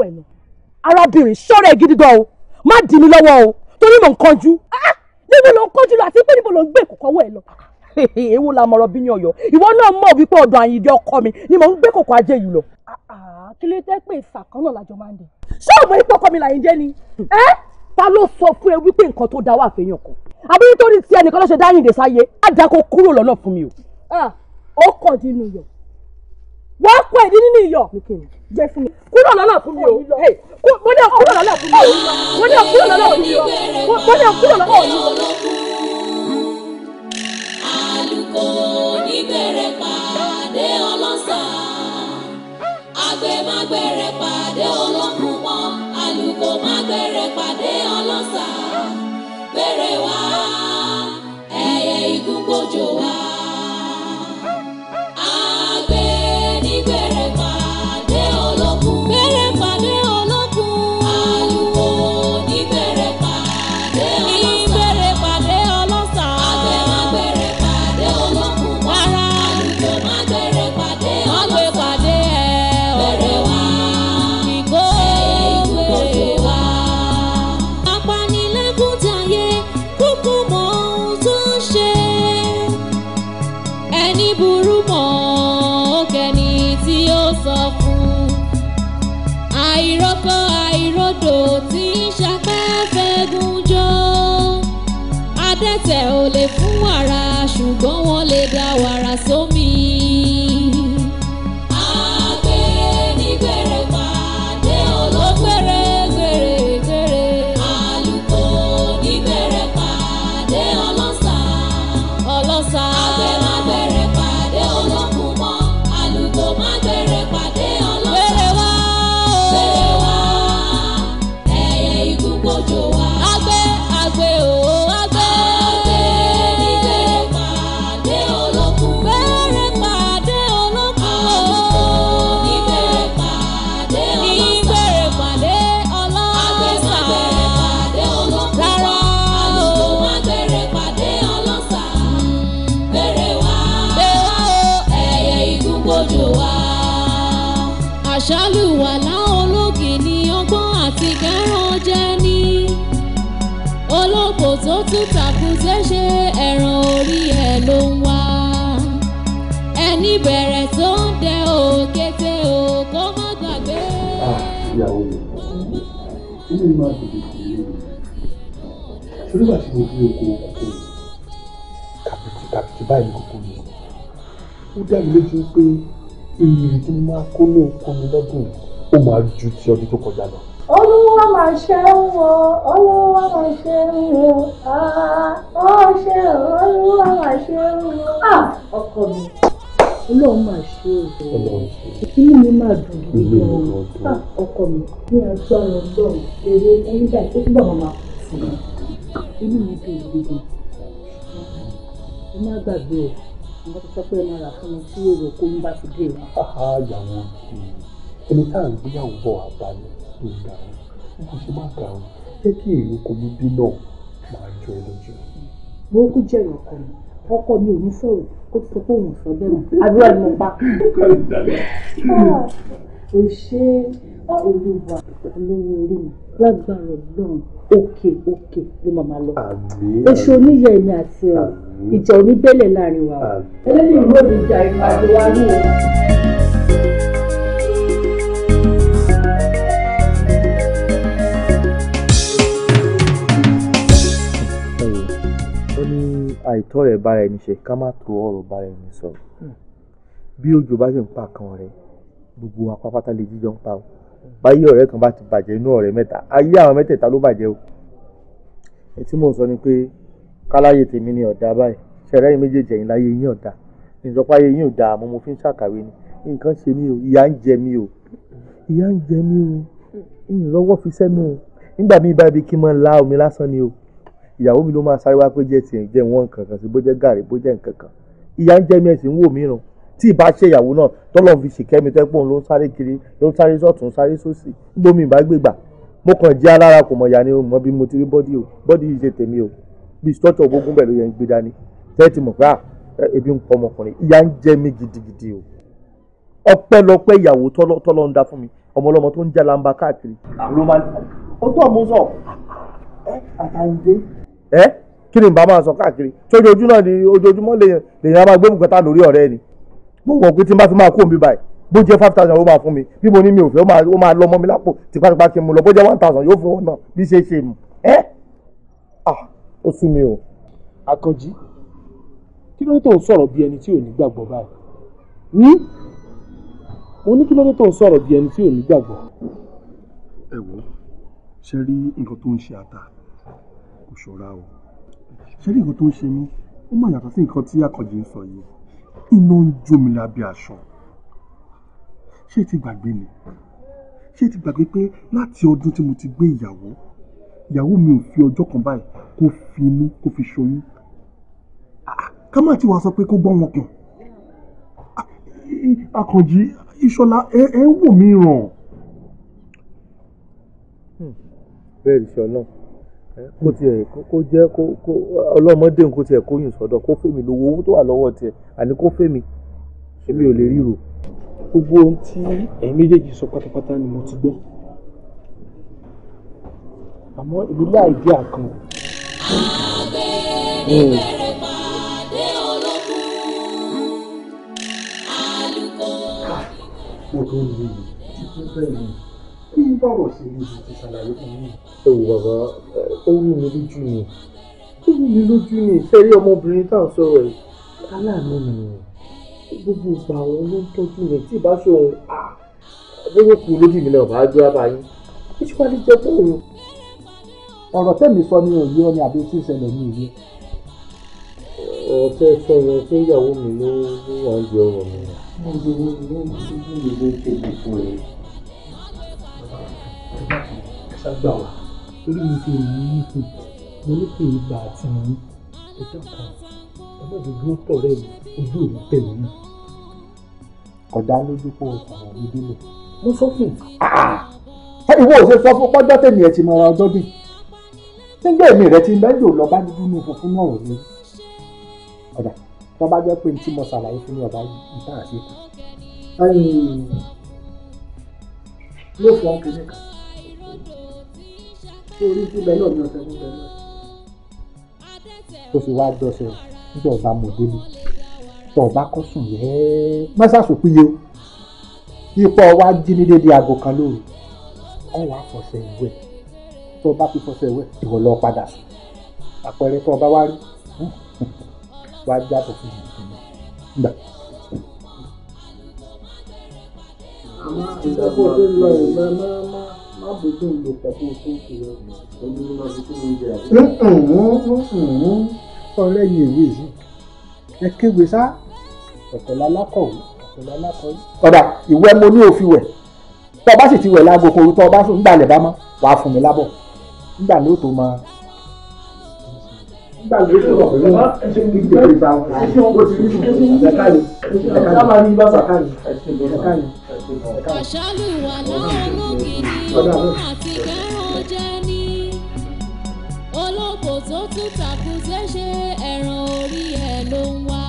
lọ́wọ́ ẹ̀ nà arábìnrin ṣọ́ra ẹ̀ gidi gan o má dì mí lọ́wọ́ o torí mò ń kánjú ah! níbo ló ń kánjú lọ àti pé níbo ló ń gbé kòkòwò ẹ̀ lọ èwo la mọ̀rọ̀ bí ní ọ̀yọ́ ìwọ náà mọ̀ wípé ọ̀dọ̀ àyìndí ọkọ mi ni mò ń gbé kòkò ajé yìí lọ. Ah, kí ló dé pé ìsàkánná làjọ máa ń dé. ṣé ọmọ yìí pọkọ mi làyìnjẹ ni. ẹ ta ló sọ fún ẹ wípé nǹkan tó da wà fẹ́yàn kan. àbí nítorí tí ẹnìkan ló ṣe dáyìndé sáyé àdàkọ kúrò lọ́nà fún mi o. Ah, ó kàn nínú yọ̀ wọ́n kọ ẹ̀dí nínú iyọ̀ jẹ́ fún mi. kúrò lọ́nà fún mi o mo ní ọkúrò lọ́nà fún mi o mo ní ọkúrò lọ́nà fún mi o mo ní ọkúrò lọ́nà fún mi o. àlùkò níbẹ̀rẹ̀ pàdé ọlọ́sà àgbẹ̀mágbẹ̀rẹ̀ pàdé ọlọ́kùn mọ́ àlùkò mágbẹ̀rẹ̀ pàdé ọlọ́sà bẹ̀rẹ̀ wá ẹ̀yẹ igun gbójú wa. tẹ̀ ò lè fún wàrà ṣùgbọ́n wọ́n lè da wàrà sómi. bí okòwò kòkòrò kàbìtì kàbìtì báyìí ní kòkòrò yìí ó dá mi lójú pé èrè tí mo máa kó lóko mi lọ́dún ó máa ju ti ọdún tó kọjá lọ. olúwa máa ṣe ń wọ olúwa máa ṣe ń wọ ọ ṣe olúwa máa ṣe ń wọ ọkọ mi ọlọ́run máa ṣe òògùn ìkíní mi máa dùn gidi gan ọkọ mi ní agbára ọlọ́run eré ẹni báyìí ó túbọ̀ máa kú sí inú mi dùn gidi ẹ má gbàgbé o mo ti sọ pé ẹ máa rà fún mi tí èrò kó ń bá ti dé o. àyàwó ẹni tá à ń gbéyàwó bọ̀ àbálẹ̀ ló ń dà ó bí kò ṣe má dà ó jẹ́ kí èrò kò ní bí náà máa jọ ẹ lójú. mo kú jẹ̀rọ ọkọ mi ọkọ mi ò ní sọ̀rọ̀ ó ti sọ pé òun sọ bẹ́ẹ̀ mọ́ àdúrà ni mo pa. ó ah, ṣe é olúwa olówó orí mi lágbára ọlọ́run òkè òkè ló máa máa lọ. oṣù oníyẹ èmi àti ẹ ìjà oníbẹ̀lẹ̀ láàrin wa. ẹlẹ́ni ìlú òní ìjà ìpàdé wa ní o. ó ní àìtọ́ rẹ̀ bára ẹni ṣe ká má tó ọ̀rọ̀ bára ẹni sọ̀rọ̀ hmm. bí òjò bá ṣe ń pa kan rẹ̀ gbogbo apápátá lè jíjọ ń pa o báyé ọ̀rẹ́ kan bá ti bàjẹ́ inú ọ̀rẹ́ mẹ́ta ayé àwọn mẹ́tẹ̀ẹ̀ta ló bàjẹ́ o ètí mò ń sọ ni pé káláyé tèmi ni ọ̀dà báyìí ṣẹ̀rẹ́ yìí méjèèjì ẹ̀yìn láyé yín ọ̀dà ìjọpá ayé yín ọ̀dà àmọ́ mo fi ń ṣàkàwé ni nǹkan ṣe mí o ìyà ń jẹ mí o ìyà ń jẹ mí o ìrànlọ́wọ́ fi sẹ́nu o nígbà míì bá ibi kí n máa la omi lásán ni o ìyàwó mi ló máa sáré wá pé jẹ́ tiẹ̀ jẹ́ wọn nǹkan sí bó jẹ́ gàrí bó jẹ́ nǹkan kan ìyà ń jẹ mí ẹ̀sìn wò mí ràn tí ì bá ṣe ìyàwó náà tọ́lọ́ fi ṣèkẹ́mi tẹ́pọ̀ ló ń sáré kiri ló ń sáré sọ̀tún sáré sósì gbómi ìbágbègbà mo kàn jẹ́ alára kò mọ̀ ìyá ni mo bí mo ti rí bọ́dí o bọ́dí yìí ṣe tèmi o bí sọ́tọ̀ ogógún bẹ̀ ló yẹ ń gbé dání tẹ́tí mọ̀ pé à ah, ebi ń pọ ọmọkùnrin ìyá ń jẹ mí gidigidi o ọpẹ́lọpẹ́ ìyàwó tọ́lọ́ ń dá fún mi ọmọlọmọ tó ń já lamba káàkiri. ló máa ń tọ́ mo sọ ẹ àtàǹdé. ẹ kí ni bàbá sọ káàkiri ni mo wọ̀ pé tí n bá fi máa kó mi báyìí bó jẹ́ five thousand ó máa fún mi bí mo ní mi ò fẹ́ ó máa lọ ọmọ mi lápò tipátipá kí n mú lọ bó jẹ́ one thousand yóò fún ọ náà bí ṣe ṣe mú ẹ́ ah ó sú mi o. Àkànjí kí ló dé tó ń sọ̀rọ̀ bí ẹni tí ò ní gbàgbọ́ báyìí ní hm? mo ní kí ló dé tó ń sọ̀rọ̀ bí ẹni tí ò ní gbàgbọ́. ẹ wo ṣe rí nǹkan tó ń ṣe ata kò ṣọ́ra o ṣe rí nǹkan tó ń ṣe mí ó mà yàtọ̀ sí nǹkan iná ń jó mi lábẹ́ aṣọ ṣé ti gbàgbé ni ṣé ti gbàgbé pé láti ọdún tí mo ti gbé ìyàwó ìyàwó mi ò fi ọjọ́ kan báyìí kó fi inú kó fi ṣoyún ah, ká má ti wá sọ pé kó gbọ́ wọn kàn akànjí ah, ìṣọlá ẹ ń wò mí ràn. Hmm. bẹ́ẹ̀ ìṣọ̀lá kó tiẹ̀ kó jẹ́ kó ọlọ́mọdé kó tiẹ̀ kó yùn sọ́dọ̀ kó fèmí lówó owó tó wà lọ́wọ́ tiẹ̀ àní kó fèmí èmi ò lè ríro. gbogbo ohun tí ẹ̀yin méjèèjì sọ pátápátá ni mo ti gbọ́ àmọ́ èmi láì dí àkàn. Odò ni kí bọ̀rọ̀ sí ni mo ti ṣàlàyé fún mi. ẹ wò bàbá ó wù mí lójú ni ó wù mí lójú ni sẹ́rí ọmọbìnrin tá à ń sọ̀rọ̀ yìí aláàánú nìyẹn gbogbo ìgbà àwọn ló ń tọ́jú yẹn tí ìbá ṣe òun à bóyá kú lójú mi náà bá a jẹ́ àbáyé ó ṣe wá ní jẹ́ fún òun. ọ̀rọ̀ tẹ́mi sọ ní òye ọ ni àbí tí ń ṣẹlẹ̀ ní òye. ọ̀rọ̀ sọ yẹn pé ìyàwó mi ló wà ń jẹ ọ̀rọ̀ mi. mo ń gbé wọn ní ìlú ìlú ìlú ìlú ìlú ìlú ṣàgbà wá torí mi ti rí yín fún mo ní kí n gbà á ti yín ẹ dọ́kun dúró pọ̀ rẹ̀ ojú òní tẹ̀lé náà. ọ̀dà lójú kó o mi délé. mo sọ fún un. Ah, ah. ìwọ ò ṣe sọ fún pọ́jọ́ tèmi ẹ ti mọ ara ọjọ́ bì nígbà èmi rẹ ti mẹ́jọ lọ bá dúdú nù funfun náà rẹ̀ ọ̀dà tó bá jẹ́ pé tí mo ṣàlàyé fún mi ọ̀dà ìta àti ìta. mo fọ́n kan orí síbẹ̀ náà ni ọ̀sẹ̀ síbẹ̀ náà. tó fi wá dọ̀sẹ̀ níjọ́ ọba mọ̀délé tó ọba kọ́ sùn yẹ́ mọ́sàsù péye o ipò wa jí ní dédé aago kan lóru ọwọ́ àfọ̀sẹ̀ ìwé tó ọba fi fọ̀sẹ̀ ìwé ìwọ lọ padà sùn àpẹẹrẹ tó ọba wá rí wá jábọ̀ fún ìgbìmọ̀ gbà. ìdájọ́ tó ń lọ ìgbà máa má yìí èwe yìí ẹ kéwèé sá ọ̀tọ̀lá lákọ̀wé ọ̀tọ̀lá lákọ̀wé. ọ̀dà ìwẹ́ mo ní òfin wẹ̀ tọ́ sì ti wẹ̀ láago kò rú sùn nígbà lẹ̀ bá mọ́ wàá fún mi lábọ̀ nígbà lóòótọ́ máa gbàgbé tó lọ pẹ̀lú ìgbèrè ìgbà wọn ó ti rí ìdẹ̀kánì àṣálù wà láàánú kìíní àti kẹrán jẹ ní olóko tó tún tàkùté ṣe ẹran orí ẹ ló ń wá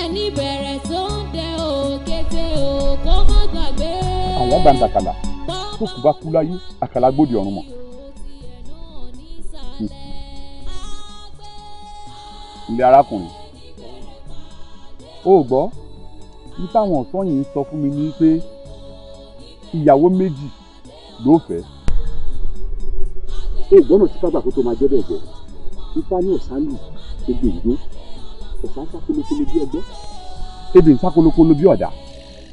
ẹni bẹ̀rẹ̀ tó ń dẹ òkété o má gbàgbé. àwọn bá ń dàkàlà bá kú láyé àkàlà gbòdì ọ̀run mọ̀. ilé arákùnrin o gbọ́ ní táwọn ọ̀sán yìí ń sọ fún mi ni pé ìyàwó méjì ló fẹ́. o gbọ́nà tí bàbá kó tó máa jẹ́ bẹ́ẹ̀ jẹ́ ifá ní ọ̀sánlù gbogbo ìdó ọ̀sán sákolokolo bí ọgbẹ́. ebè ń sákolokolo bí ọ̀dà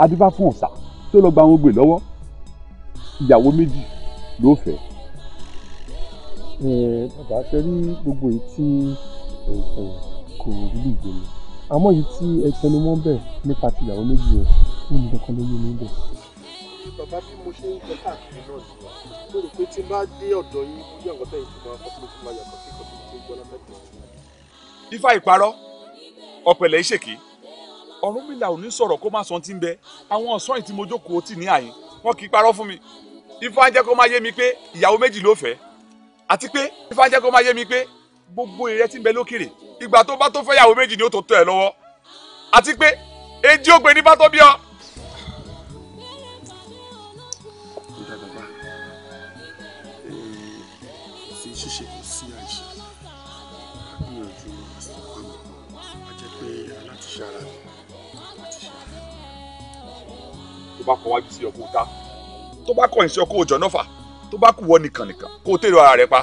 adúbá fún ọ̀sà tó lọ gba àwọn ogbè lọ́wọ́ ìyàwó méjì ló fẹ́. ẹ bàbá ṣe rí gbogbo èyí tí ẹ̀sìn kò rílì yé mi àmọ́ èyí tí ẹ tẹnu mọ́ bẹ́ẹ̀ nípa ti ìyàwó méjì yẹn fún mi kankan ló yé mi bẹ́ẹ̀. bàbá bí mo ṣe ń jẹ káàkiri náà ni mo rò pé tí n bá dé ọ̀dọ̀ yín bóyá àwọn ọ̀tá ìtumọ̀ akọ́kọ́ tó máa yàtọ̀ sí ìkọ̀tún tó ń gbọ́ látàkùn. ifá ìparọ́ ọ̀pẹ̀lẹ̀ ìṣèké ọ̀rúnmìlà ò ní sọ̀rọ̀ kó má sọ ti ń bẹ àwọn ọ̀sán ìtí mo jókòó tì ní àyín wọn kì í parọ́ fún mi ifá jẹ́ kó má yé mi pé ìyàwó méjì ló fẹ́ àti pé ifá jẹ́ kó má yé mi pé gbogbo ìrẹsì ń bẹ lókèrè ìgbà tó bá tó fẹ́ yàwó méjì ni ó tó tọ́ ẹ lọ́wọ́ àti pé èjì ó gbé ní bátọ́ bí ọ. ṣíṣe kò sí àìṣe gbìyànjú àpamọ́ a jẹ́ pé alátiṣe ara mi alátiṣe ara mi. tó bá kọ wájú sí ọkọ òta tó bá kọ ìṣe ọkọ òjọ náà fà tó bá kù wọ nìkan nìkan kó o tèrò ara rẹ pa.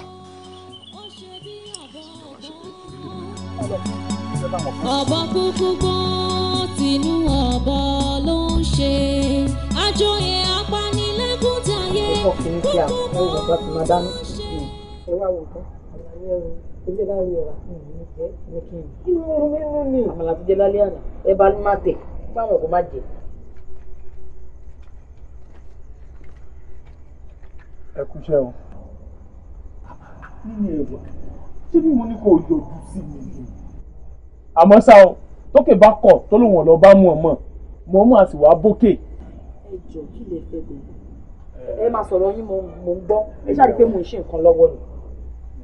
ọ̀bọ kúkú gbọ́n tìǹú ọ̀bọ ló ń ṣe àjòyè apanilẹ́kùntàyè kúkú gbọ́n ló ń ṣe. ẹ wá wò tán àlàyé ẹrù ilé bá rí ẹ̀rà ní kí ni kí ni mo rí nínú ni. àmàlà tó jẹ lálẹ́ àná ẹ bá má tẹ̀ báwọn kò má jẹ. ẹ kúṣẹ́ o nínú èèwọ̀ ṣé bí mo ní kò yọjú sí mi ni. àmọ́ ṣá o tókè bá kọ̀ tó lòun ọ̀lọ́ bá mú ọmọ mọ ọmọ àti wàá bókè. ẹ jọ kí lè fẹ́ gbogbo ẹ máa sọ̀rọ̀ yín mo ń gbọ́ ẹ ṣáà rí i pé mo ń ṣe nǹkan lọ́wọ́ ni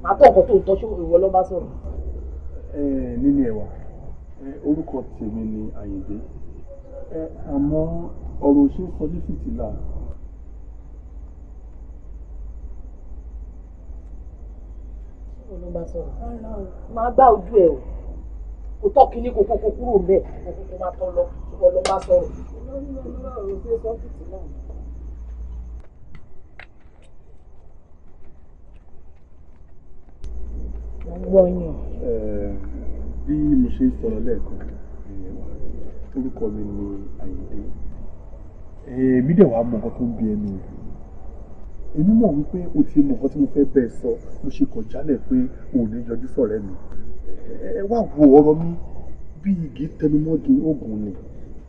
màá tọ̀ ọ̀kan tó ń tọ́jú ìwọ ló bá sọ̀rọ̀. níní ẹ̀wà orúkọ tèmi ni àyìndé àmọ́ ọ̀rọ̀ òṣèlú sọ ní fìtílà fún ló bá sọ̀rọ̀. máa gbá ojú ẹ o kò tọ́ kínní kò kókó kúrò ń bẹ̀ kò kókó máa tọ́ lọ kó lọ bá sọ̀rọ̀. bí mo ṣe ń sọ̀rọ̀ lẹ́ẹ̀kan orúkọ mi ni Àyìndé èmi dẹ̀ wàá mọ nǹkan tó ń bí ẹnu rẹ̀ èmi mọ̀ wípé o ti mọ̀ nǹkan tí mo fẹ́ bẹ́ẹ̀ sọ ló ṣe kọjálẹ̀ pé o ò ní yọjú sọ̀rẹ́ mi ẹ wá wo ọ̀rọ̀ mi bí igi tẹnumọ́gi oògùn ni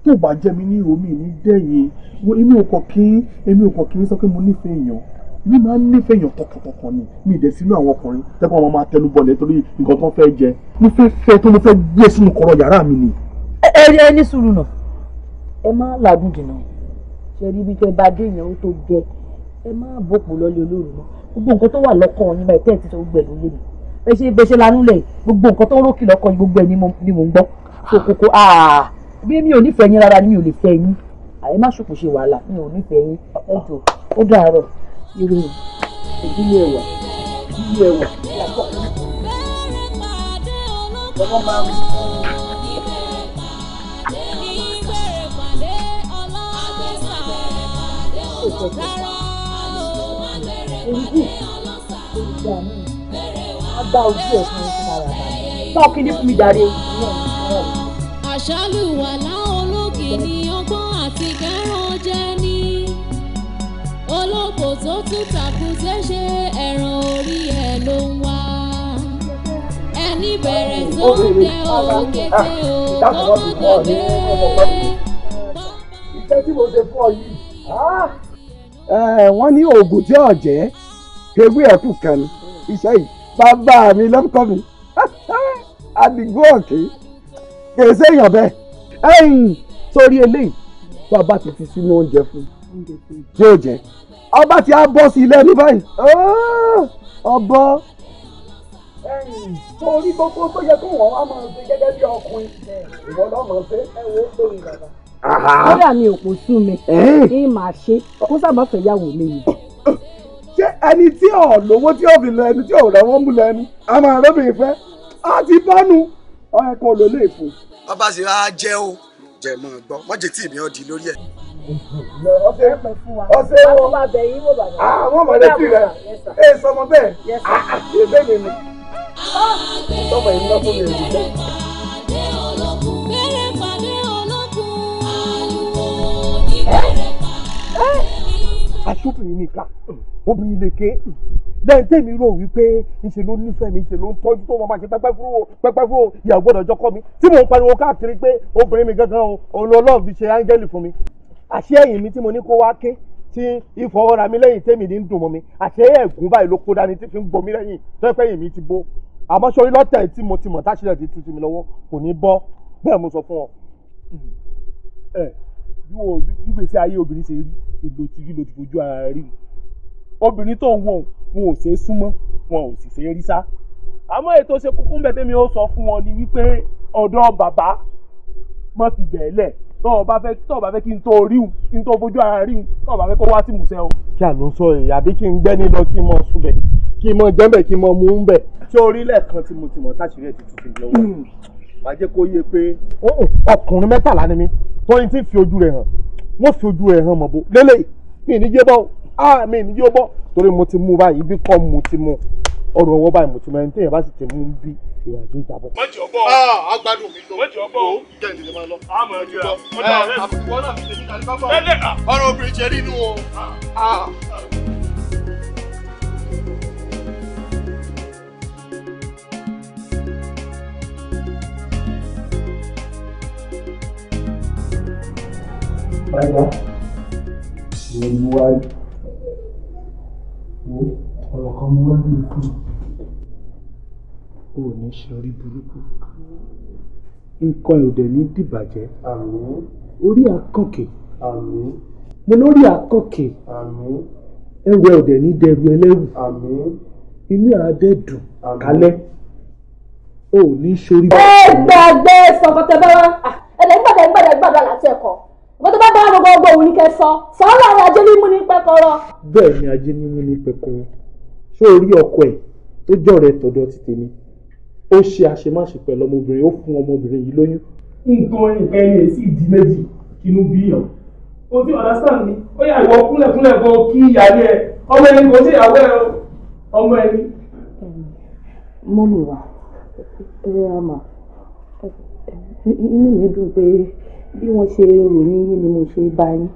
tó bá jẹ́ mi ní omi ní dẹ́yìn wo èmi ò kọ̀ kí èmi ò kọ̀ kí n sọ pé mo nífẹ̀ẹ́ èèyàn èmi máa ń nífẹ̀ẹ́ èèyàn tọkàntọkàn ni mi ìdẹ̀ sínú àwọn ọkùnrin tẹ́kọ̀ wọn máa tẹnu bọlẹ̀ torí nǹkan tó ń fẹ́ jẹ mo fẹ́ fẹ́ tó mo fẹ́ gbé sínú kọ̀rọ̀ yàrá mi ni. ẹ ẹ ní sùúrù náà ẹ má làágùn jìnnà ṣe ibi tẹ bá dé yẹn ó tó gẹ ẹ má bòpò lọ́lé olóòrùn mọ́ gbogbo nǹkan tó wà lọ́kàn yín máa tẹ́ ẹ̀ sọ gbogbo ẹ̀ ló lé mi bẹ́ẹ̀ ṣe bẹ́ẹ̀ ṣe lanúlẹ̀ gbogbo nǹkan tó ń rókì lọ́kàn yín gbogbo ẹ̀ ni mò ń gbọ́ ah. kókókó ah, bí mi ò nífẹ̀ẹ́ yín rárá ni mi ò lè fẹ́ yín àyè má ṣòkò ṣe wàhálà mi ò nífẹ̀ẹ́ yín ẹ jọ ó dàárọ̀ irun ìdílé ẹwà ìdílé ẹwà yàtọ̀ lọ́wọ́ máa burúkú ìgbà mi á bá ojú ẹ̀ fún ẹ̀sìn ara rẹ̀ sọ kí fún mi dáre àṣálù tún tàkùtẹ́ ṣe ẹ̀ràn orí ẹ̀ ló ń wá ẹni bẹ̀rẹ̀ tó ń tẹ òkété o lọ́mọdé. iṣẹ́ tí mo ṣe fún ọ yìí. Ah! wọ́n ní oògùn tí ò kewí ẹ̀kú kan ni iṣẹ́ yìí bàbá mi lọ́kọ́ mi àdìgbò ọ̀kì kìí séèyàn bẹ́ẹ̀ ẹ̀yìn sórí eléyìí bàbá ti fi sínú oúnjẹ fún yóò jẹ ọba ti á bọ́ sí ilé ní báyìí ọbọ ẹ̀yìn sórí gbogbo tó yẹ kó wọ́n wá máa ṣe gẹ́gẹ́ bí ọkùnrin ìwọ lọ́ọ́ máa ṣe ẹ̀wọ̀n ó lórí bàbá kódà mi ò kò sú mi ẹ máa ṣe kó sábà fẹ́ yàwó lé mi ṣé ẹni tí ò lówó tí ò fi lọ ẹni tí ò rẹ́wọ́ mú lẹ́nu a máa rẹ́bìnrin fẹ́ á ti bọ́nu ọ̀rẹ́ kan ló lè fò. bàbá sì ra jẹ́ o jẹ́ mọ́ gbọ́ wọ́n jẹ́ tí ìbí ọ̀dì lórí ẹ̀. ọ̀sẹ̀ ọ̀sẹ̀ wo àwọn ọmọdé tì rẹ̀ ẹ sọmọ bẹ́ẹ̀ ẹ̀ẹ́dẹ́ mi ni tọ́pọ̀ yìí ń lọ fún mi ẹ̀ Aṣọ́bìnrin Nika obìnrin lèké lẹ́yìn tèmi rò wípé ńṣe ló nífẹ̀ẹ́ mi ńṣe ló ń tọ́jú tó wọn máa ṣe pẹ́pẹ́ fúró pẹ́pẹ́ fúró ìyàwó gbọ́dọ̀ jọkọ mi tí mò ń pariwo káàkiri pé obìnrin mi gangan olólọ́ọ̀ fi ṣe áńgẹ́lì fún mi àṣé ẹ̀yìn mi tí mo ní kó wá ké tí ìfọwọ́ra mi lẹ́yìn tèmi ní ń dùn mọ́ mi àṣé ẹ̀gún báyìí ló kó dání tí fi ń gbomi lẹ́yìn tọ́pẹ́ ẹ̀yìn mi ti bó àmọ́ sori lọ́tẹ̀ tí mo ti mọ̀ táṣílẹ̀ ti tu ti mi lọ́wọ́ kò ní bọ́ bẹ́ẹ̀ mo sọ fún ọ. ẹ bí gbèsè ayé obìnrin ṣe rí èlò tìjú ló ti fojú ara rí mi obìnrin tó ń wò wọn ò ṣe é súnmọ́ wọn ò sì ṣe é rí sá àmọ́ ètò ṣe kúkú ń bẹ tẹ́mi ó sọ fún wọn ni wípé ọ̀dọ̀ bàbá má fi bẹ̀ẹ́ lẹ̀ tọ́ ọ bá fẹ́ tọ́ ọ bá fẹ́ kí n tó rí un kí n tó bójú ara rí un tọ́ ọ bá fẹ́ kó wá sí musẹ́ o. kí àlọ́ sọ èyí àbí kí n gbẹ́ni lọ kí n mọ sùn bẹ̀ kí n mọ jẹ́ bẹ̀ kí n mọ mú un bẹ̀. tí orílẹ̀ kan tí mo ti mọ̀ táṣírí ẹ̀ ti tuntun lọ́wọ́ hmm. má jẹ́ kó yé pé. ọkùnrin mẹ́tàlá ni mi tọ́yìn tí ń fi ojú rẹ̀ hàn wọ́n fi ojú rẹ̀ hàn mọ̀ bó lélẹ̀ mi ní jẹ́ báwo ah mi ni yóò bọ́ torí mo ti mú báyìí bí kọ́ mo ti mú ọrùn ọwọ́ báyìí mo ti mú ẹni tí èèyàn bá sì ti mú bí èèyàn ju ìjàbọ̀. wọ́n jọ bọ́ ọ agbádùn ah, mi tó wọ́n jọ bọ́ ọ jẹ́ǹdì lè máa lọ. àmọ̀ ẹ̀jẹ̀ wọ́n náà rẹ̀ wọ́n náà fi tèmi tàbí bá bọ̀. ọ̀rọ̀ obìnrin jẹ́ nínú o. Bye-bye. Ah. Ah. Bye-bye wo ọ̀rọ̀ kan mo wá bí o fún o ò ní ṣe orí burúkú nǹkan ẹ̀ ò dẹ̀ ní dìbàjẹ́ orí akọ̀kè mo lórí akọ̀kè ẹwẹ́ ò dẹ̀ ní dẹrù ẹlẹ́rù inú àádẹ́dùn kálẹ̀ o ò ní ṣe orí burúkú. ẹ gbàgbé sọkọtẹ bá wa ah, ẹlẹgbàdàgbàdàgbàdà láti ẹkọ wọ́n tó bá bá gbogbo ọgbọ́n òun ní kẹ́ sọ sọ́ọ́lá ni ajé ní mú ní pẹ́kọ́rọ́. bẹ́ẹ̀ ni ajé ní mú ní pẹ́kọ́rọ́ ṣé o rí ọkọ ẹ̀ tó jọ rẹ tọ̀dọ̀ ti tèmi ó ṣe àṣemáṣe pẹ̀lú ọmọbìnrin ó fún ọmọbìnrin yìí lóyún. nǹkan nǹkan ẹni èsì ìdí méjì kínú bíyàn o ti understand mi ó yà ìwọ kúnlẹ̀kúnlẹ̀ kan kí ìyáálé ẹ ọmọ ẹni kò tí ìyàwó ẹ ọmọ ẹni. mọ́mì wa ẹ ẹ àmà inú mi dùn pé bí wọ́n ṣe rò ní yín ni mo ṣe bá yín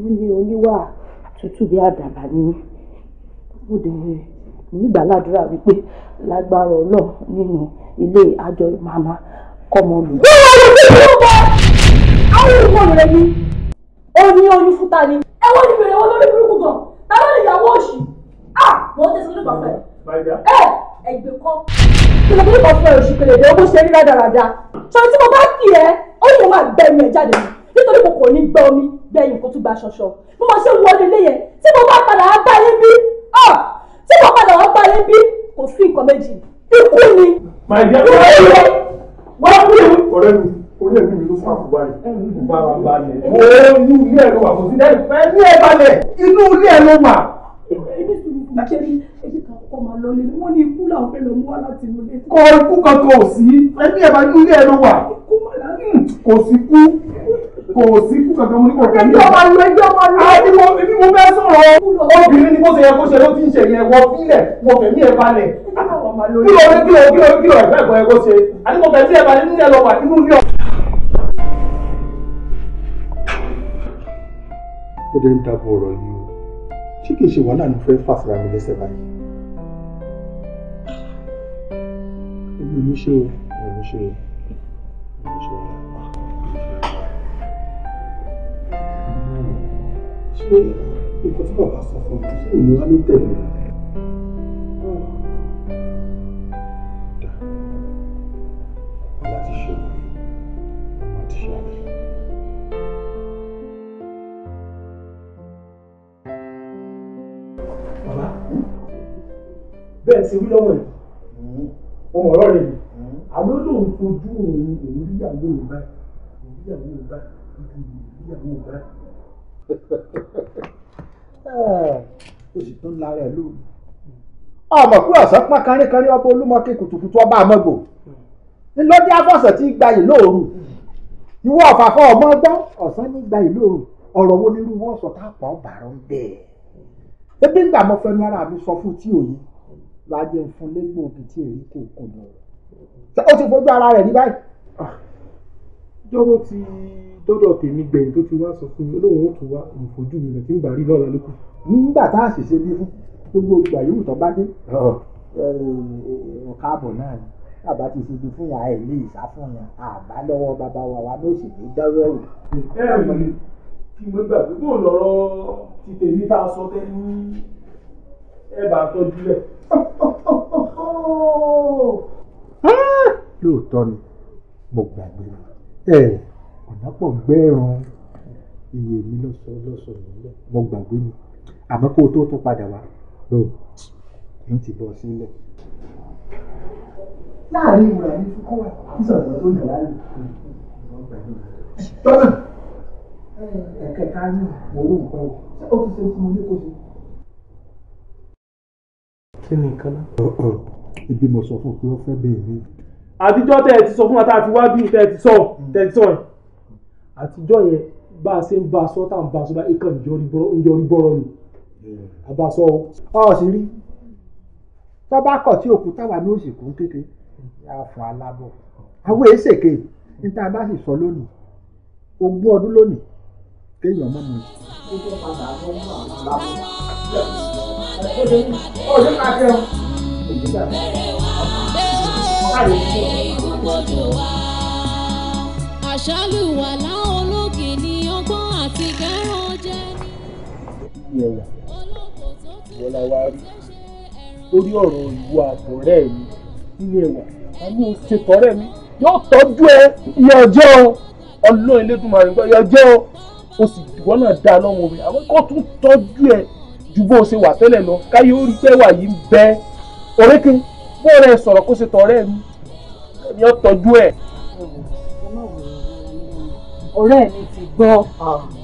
wọ́n ní oníwà tútù bí àdàbà ni mo dẹ̀ nígbàládùra wípé lágbára ọlọ́ọ̀ nínú ilé àjọ màmá kọ́mọ lù. àwọn olùkọ́ rẹ̀ ni ó ní oyún fúta ni ẹ wọ́n ti bèrè wọn lórí burúkú gan tàbí ìyàwó òṣì à ah! wọ́n tẹ̀sán nípa fẹ́ ẹ ẹgbẹ́ kọ́ kí ló kọ́ fún ẹ̀rù ṣùkẹ̀lẹ̀dẹ̀ owó ṣe rí rádaràda ṣọlá tí mo bá kì ẹ́ ó yẹ wá gbẹ̀yìn ẹ̀ jáde mi nítorí mo kò ní gbẹ́ omi gbẹ̀yìn kó tún gba ṣọṣọ bí mo ṣe ń wọlé ilé yẹn tí mo bá padà wá bá yín bí tí mo padà wá bá yín bí kò sí nǹkan méjì ikú ni. màdìyà wọ́n kú ọ̀rẹ́ mi orí ẹ̀mí mi ló fún àkùbá yìí bá wa balẹ̀. ní kó máa lọ lé wọ́n ní ikú làwọn fẹ́ lọ mú wá láti inú ilé. kọ ikú kankan ò sí ẹbí ẹ̀ bá ní ilé ẹ̀ ló wà kò sí kú kò sí kú kankan mo ní kò kẹ́lẹ́. ẹjọ́ máa lọ ẹjọ́ máa lọ. àbí mo bí mo fẹ́ sọ̀rọ̀ obìnrin ni bó ṣe yẹ kó ṣe ló ti ń ṣe yẹn wọ fílẹ̀ wọ fẹ̀mí ẹ̀ balẹ̀. kí ló rí kí ló kí ló kí ló ẹ̀fẹ́ ẹ̀kọ́ yẹ kó ṣe àti mo fẹ̀mí ẹ̀ balẹ̀ nílẹ̀ lọ wà nínú ilé ọ̀. ó dé ń dábọ̀ ọ̀rọ̀ yìí o ṣé kìí ṣe wàhálà ní fẹ́ fàṣàrà mi lẹ́sẹ̀ báyìí. mi ò ní ṣe o mi ò ní ṣe o mi ò ní ṣe o. ṣé nǹkan tí bàbá sọ fún mi ṣé ìnira ní tẹ̀lé láti ṣe láti ṣe àlẹ́. bàbá bẹ́ẹ̀ ti wí lọ́wọ́ yìí ohun ọ̀rọ̀ rẹ̀ ni hmm. àwọn olóhùn fojú òun òun ríyàwó òun báyìí òun ríyàwó òun báyìí òun ríyàwó òun báyìí. ó sì tún lára ẹ lóru ọmọ kúrò ọ̀sán pọ́n kánrínkánrí ọba olúmọkè kùtùkùtù ọba àmọ́gbò hmm. ńlọ́dí afọ́sẹ̀ tí gbayì lóru ìwọ ọ̀fàfọ́ ọmọ gbọ́ ọ̀sán ní gbayì lóru ọ̀rọ̀ wo nírú wọ́n sọ tá a pa ọ̀bàrọ̀ ń bẹ̀ ẹ́ ebi ń gbà mọ́ fẹnu ara mi sọ fún tí òye wàá jẹun fún légbòogi tí èyí kò kò lọ ó ti fojú ara rẹ̀ ní báyìí. Ah. jọ́wọ́ ti dọ́dọ̀ tèmi gbẹ̀yìn tó ti wá sọ fún mi olóhùn ó tún wá ìfojú mi rẹ̀ tí ń bà rí lọ́la lókun. nígbà tá a sì ṣe bí fún gbogbo ìgbà yòówù tó bá dé ah. eh, eh, ọ̀ka àbọ̀ náà ni bàbá ti ṣe ibi fún yàrá ẹ̀ lè sá fún yàn àbá lọ́wọ́ bàbá wa wa ló sì ní dáwọ́ ẹ̀wò. Eh, ẹ ẹ mọ kí mo gbàgbé bó lọ́rọ̀ ti tèmi tá a sọ tẹ́ ẹ bá tọ́jú lóòótọ́ ni mo gbàgbé mi ẹ ọ̀nà pọ̀ iye mi lọ́sọ̀ nílẹ̀ mo gbàgbé mi àmọ́ kó o tó tún padà wá lọ n ti bọ́ sílẹ̀. láàrin ìwà ní kókó wà sísọ̀tọ̀ tó yàn láàyè tọ́nà ẹ̀kẹ́ka ní òwò nǹkan ó ti ṣe tí mo ní kó kí ni nǹkan ibi mo sọ fún pé ó fẹ́ bẹ́ẹ̀ ni àtijọ́ tẹ́ ẹ ti sọ fún wa tá a ti wá bí tẹ́ ẹ ti sọ tẹ́ ẹ ti sọ yẹn àtijọ́ yẹn bá a ṣe ń bá a sọ tá à ń bá a sọ bá ikán ìjọrí bọ́rọ̀ ni àbàsọ o. ọ sì rí tọ́bákọ̀ tí òkúta wà ní òsìkú kéke yà fún alábọ̀ àwọn èsèké níta bá sì sọ lónìí ogún ọdún lónìí kéèyàn mọ́ mi. ó ṣe pàṣẹ o káàró ní ọ̀rọ̀ wọlá wa rí lórí ọ̀rọ̀ ìwọ àtọ̀rẹ́ mi nínú ẹwà àmì òṣètọ̀rẹ́ mi yóò tọ́jú ẹ iye ọjọ́ ọlọ́run elédùnmarè gbọ́ iye ọjọ́ o sì ìwọ náà dá lọ́wọ́ mi àwọn kò tún tọ́jú ẹ ju bó o ṣe wà tẹ́lẹ̀ lọ káyọ̀ orí pẹ́wà yìí ń bẹ orékè bọ́ọ̀rẹ́ ẹ sọ̀rọ̀ kó ṣe tọ̀rẹ́ mi èmi ò tọ́jú ẹ̀. ọ̀rẹ́ mi ti gbọ́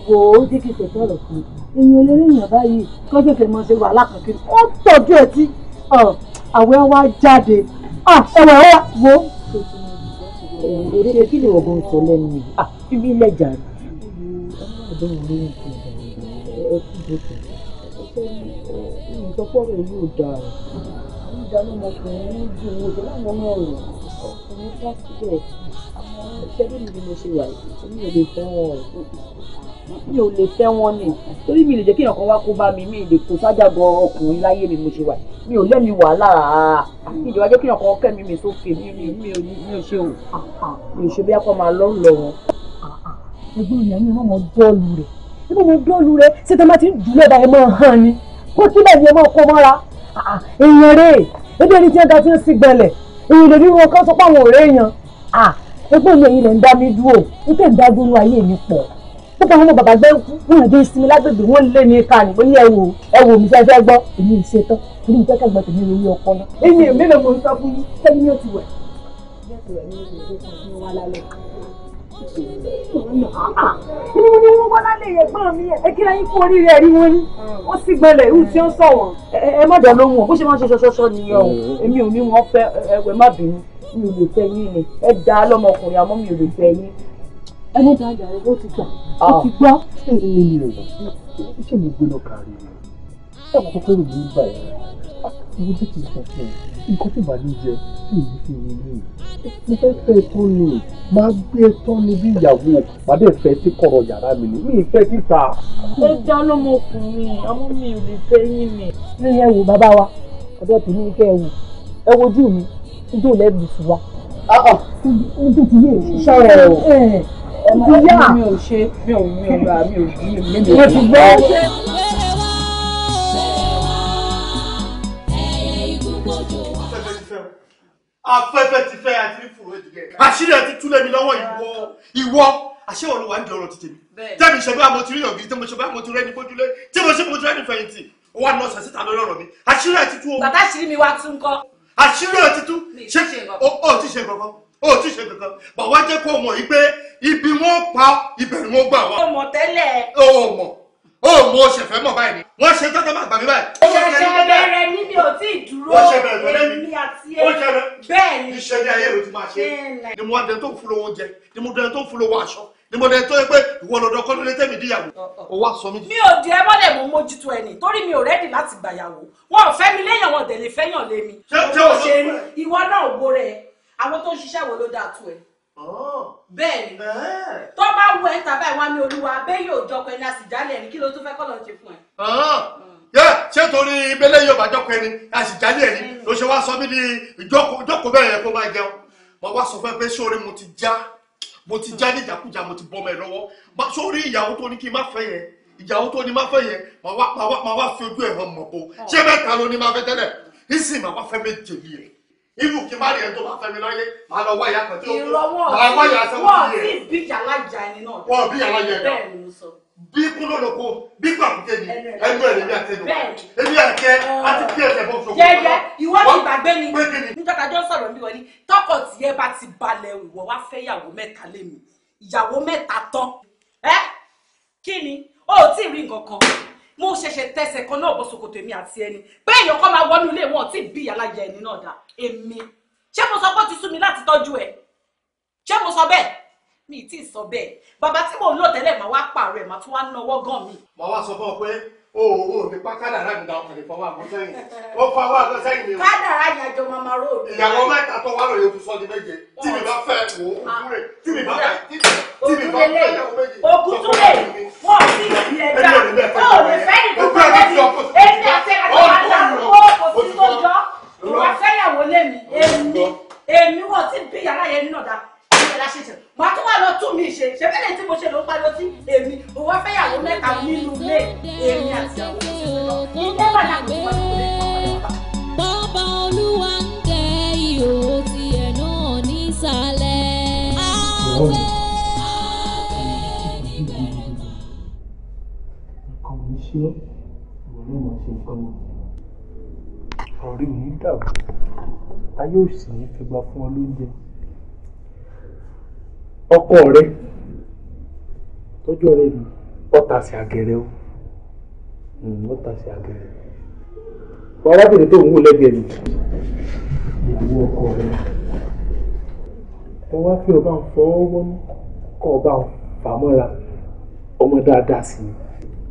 wò ó jẹ́ kí n tètè ọ̀rọ̀ kan èèyàn eléré èèyàn báyìí kọ́ tètè mọ ṣe wàhálà kan kiri ó tọ́jú ẹ̀ tí àwẹ̀ wa jáde ọ̀rọ̀ ẹ̀ wá wo. ṣe kí ni ọ̀gá ń sọ lẹ́nu yìí bíbí lẹ́jà rẹ̀ ọdún ìlú ìkú ẹ̀kú ìdókòwò ìsọfọ́rọ̀ yóò dáa dídá lọ́mọkùnrin ní ju owó tó láwọn ọmọ rẹ̀ ọkùnrin bá bẹ̀ àmọ́ ṣẹ́dúnì ni mo ṣe wà mi ò lè fẹ́ wọn mi ò lè fẹ́ wọn ni torí mi lè jẹ́ kí èèyàn kan wá kó bá mi mi lè kó sájàgbọ́ ọkùnrin láyé mi mo ṣe wà mi ò lẹ́mi wàhálà ìjọba jẹ́ kí èèyàn kan kẹ́mi mi sókè mi mi ò ṣe o mi ò ṣe bí akọ máa lọ́rùn lọ wọn. ẹgbẹ́ ìyá mi mọ̀ bọ́ọ̀lù rẹ̀ mọ̀ bọ́ọ̀lù rẹ̀ ṣé tẹ́ máa ti dùn lẹ́bàá ẹ̀ máa hàn ni kó sílẹ̀ ni ẹ máa kó mọ́ra. Ah, ah, èèyàn rè é ebi ẹni tí ẹ̀dá ti ń sí gbẹlẹ̀ èèyàn lè rí wọn kán sọ pé àwọn ọ̀rẹ́ èèyàn à ah, ẹgbẹ́ mi ẹ̀yin lè ń dá mi dúró wípé ń dá dúró ayé mi pọ̀ púpọ̀ àwọn ọmọ bàbá gbẹ́ wọn ìdí ìsinmi lágbègbè wọn lé ní ká nìkan ní ẹwò ẹwò mi fẹ́ fẹ́ gbọ́ èmi ìṣetán èmi ìjẹ́kẹ́ gbọ́ tèmi lórí ọkọ náà. èmi ò mélòó mo ń sọ fún yín sẹ́yìn ní òtún wẹ̀ kí ni mo ní wọ́n wá lálẹ́ yẹn gbọ́n mi ẹ kí láyé fún oríire ẹ̀rí wọn ni wọ́n sì gbẹlẹ̀ ìhù tí ó ń sọ ẹ má dà lóhùn ọ bó ṣe máa ń ṣe ṣọṣọṣọ nìyẹn o èmi ò ní wọn fẹ́ ẹwẹ má bínú mi ò lè fẹ́ yín ni ẹ dá lọ́mọkùnrin àmọ́ mi ò lè fẹ́ yín. ẹni dá ìyá rẹ ó ti gbà ó ti gbọ́. ṣé èmi ni ò wá ṣé mo gbé lọ kárí rẹ ṣé àwọn kókó rò ní báyìí nǹkan tó bá ní jẹ tí èyí fi mi ní mo fẹ́ fẹ́ tán ni máa gbé tán ni bí ìyàwó pàdé fẹ́ sí kọ̀rọ̀ yàrá mi ni mi ì fẹ́ síta. ẹ já lọmọkùnrin àmọ́ mi ò lè fẹ́ yín ni. ní ẹ wò bàbá wa ọ̀dọ́ tèmi kẹ́ ẹ wò ẹ wojú mi níjó lẹ́bi sùn wa. Ah, ah. ojú ti yé sọ̀rọ̀ o. ojú yá mi ò ṣe mi ò mi ò gbà mi ò bí mi ò gbọ́. afẹ́fẹ́ ti fẹ́ àti ní fùrọ̀ èdè yẹn àṣírí ẹ̀ ti túlẹ̀ mi lọ́wọ́ ìwọ ìwọ àṣẹ ọ̀rọ̀ wà ń di ọ̀rọ̀ tètè mi tẹ́mi ṣe bí àmọ́ ti rí yàn gidi tí mo ṣe bí àmọ́ ti rẹ́ ní bójúlé tí mo ṣe bí mo ti rẹ́ ní fẹ̀yìntì ó wà nọ́ọ̀sì síta lórí ọ̀rọ̀ mi àṣírí ẹ̀ ti tú o. bàbá àṣírí mi wá tún kọ́. àṣírí ẹ̀ ti tú ṣé o ti ṣe kankan o ti ṣe kankan bàbá jẹ́ kó mọ̀ yìí pé ibi wọn pa ibẹ̀ ni wọ́n gbà wá. o mọ̀ tẹ́lẹ̀. o mọ̀ ó mú ọṣẹ fẹ́ mọ̀ báyìí ni wọ́n ṣe tọ́tọ́ máa gbà mí báyìí. ṣẹ̀ṣẹ̀ bẹ̀rẹ̀ ní mi ò tí ì dúró èmi àti ẹ bẹ́ẹ̀ ni. iṣẹ́ ní ayé rẹ̀ ti máa ṣe ni mo dẹ̀ tó ń fúnlọ oúnjẹ ni mo dẹ̀ tó ń fúnlọ aṣọ ni mo dẹ̀ tó yẹ pé ìwọ lọ́dọ̀ kọ́ lóde tẹ̀mí díyàwó. o wá sọ mi. mi ò di ẹ mọ́lẹ̀ mo mójútó ẹni torí mi ò rẹ́dì láti gbàyàwó wọn ò fẹ́ mi léèyàn wọn ò dẹ̀ lè fẹ́yàn lé mi. ṣé o ṣe ìwọ náà bẹ́ẹ̀ ni tó bá wù ẹ́ tàbá ìwà ni olúwa abẹ́ yóò jọpọ̀ ẹni àsìjálẹ̀ ẹni kí ló tún fẹ́ kọ́ lọ́ọ́ ṣe fún ẹ. ṣé torí ibẹ̀lẹ̀ yóò bá jọpọ̀ ẹni àsìjálẹ̀ ẹni ló ṣe wá sọ mí di ìjókòó bẹ́ẹ̀ yẹn kó máa jẹun mo wá sọ fún ẹ pé sóore mo ti já mo ti já ní ìjàkújà mo ti bọ́ ọmọ ẹ lọ́wọ́ sórí ìyàwó tó ní kí n má fẹ́ yẹn ìyàwó tó ní má fẹ́ yẹn màá wá fi ojú ẹ̀ hàn mọ̀ bó ṣé mẹ́ta ló ní má fẹ́ tẹ́lẹ̀ ìsìn ibù kí n bá rí ẹni tó bá fẹ́ mi lọ́yẹ́ máa lọ wá ìyá kan tí ó kú máa wá ìyá sẹ́wọ́n bí ẹ̀. wọ́n bí alájà ẹni náà. wọ́n bí alájà ẹni náà. bẹ́ẹ̀ ni mo sọ. bí kúndó ló kó bí gbàgbé mi ẹnu ẹ̀ lèmi àti ẹnu. èmi àkẹ́ àti kí ẹ̀sẹ̀ fún ṣòkòtò. jẹjẹ ìwọ ti gbàgbé ni níjọba jọ sọ̀rọ̀ mi wọlé tọkọ tìyẹ bá ti balẹ̀ ìwọ wá fẹ́ ìyàwó mẹ́ta lémi ìyàwó mẹ́ta tán ẹ kí ni o ò tí ì rí nǹkan kan mo ṣẹ̀ṣẹ̀ tẹsẹ̀ kan náà bọ́ ṣòkòtò èmi àti ẹni bẹ́ẹ̀ yọkọ máa wọnú ilé wọn tí bí aláya ẹni náà dá èmi ṣé mo sọ pé ó ti sú mi láti tọ́jú ẹ ṣé mo sọ bẹ́ẹ̀ mi ì tí ì sọ bẹ́ẹ̀ bàbá tí mò ń lò tẹ́lẹ̀ máa wá pààrọ̀ ẹ̀ máa tún wá náwó gan mi. màá wá sọ fún ọ pé o oh, mi oh, pa kádàrá mi da kàlẹ́ fọwọ́ àbọ̀ sẹ́yìn ó fọwọ́ mi. kádàrá yẹn jọ mama road. ìyàwó mẹ́ta tó wà lóye tó sọ di méje tí mi bá fẹ́ wò ó kúrè ah. tí mi bá fẹ́ tí mi bá fẹ́ ìyàwó méje. ògùntúlẹ̀ wọ́n ti di ẹja ó lè fẹ́ ìdókòwò èmi àti ẹ̀rọ àtàkùn ó kò sí tó jọ ìwà fẹ́yàwó lẹ́mi èmi èmi wọ́n ti bí yàrá yẹn nínú ọ̀dà báyìí la ṣe ṣe wàá tún wà lọ tún mi ṣe ṣe fẹ́lẹ̀ tí mo ṣe ló ń pariwo sí èmi òwò fẹ́yàwó mẹ́ta nínú ilé èmi àti àwọn òṣèlú náà ilé wà láti wọ́n ní ilé. bàbá olúwa ń tẹ ihò tiẹ̀ náà nísàlẹ̀. nǹkan mi ṣe ọ́ ìwọ náà máa ṣe nǹkan mi ọ̀rẹ́ ò ní dàrú ayé òsì ní fẹ́ gbà fún ọ lóúnjẹ ọkọ rẹ tọ́jú ọ̀rẹ́ mi ọ̀tà sí àgẹ̀rẹ̀ o hmm, ọ̀tà sí àgẹ̀rẹ̀ arábìnrin tó ń wò lẹ́gbẹ̀ẹ́ mi ìyàwó ọkọ rẹ ẹ wá fi ọba ń fọwọ́ wọ́nú kọ́ ọba ń fà mọ́ra ọmọ dáadáa sí i.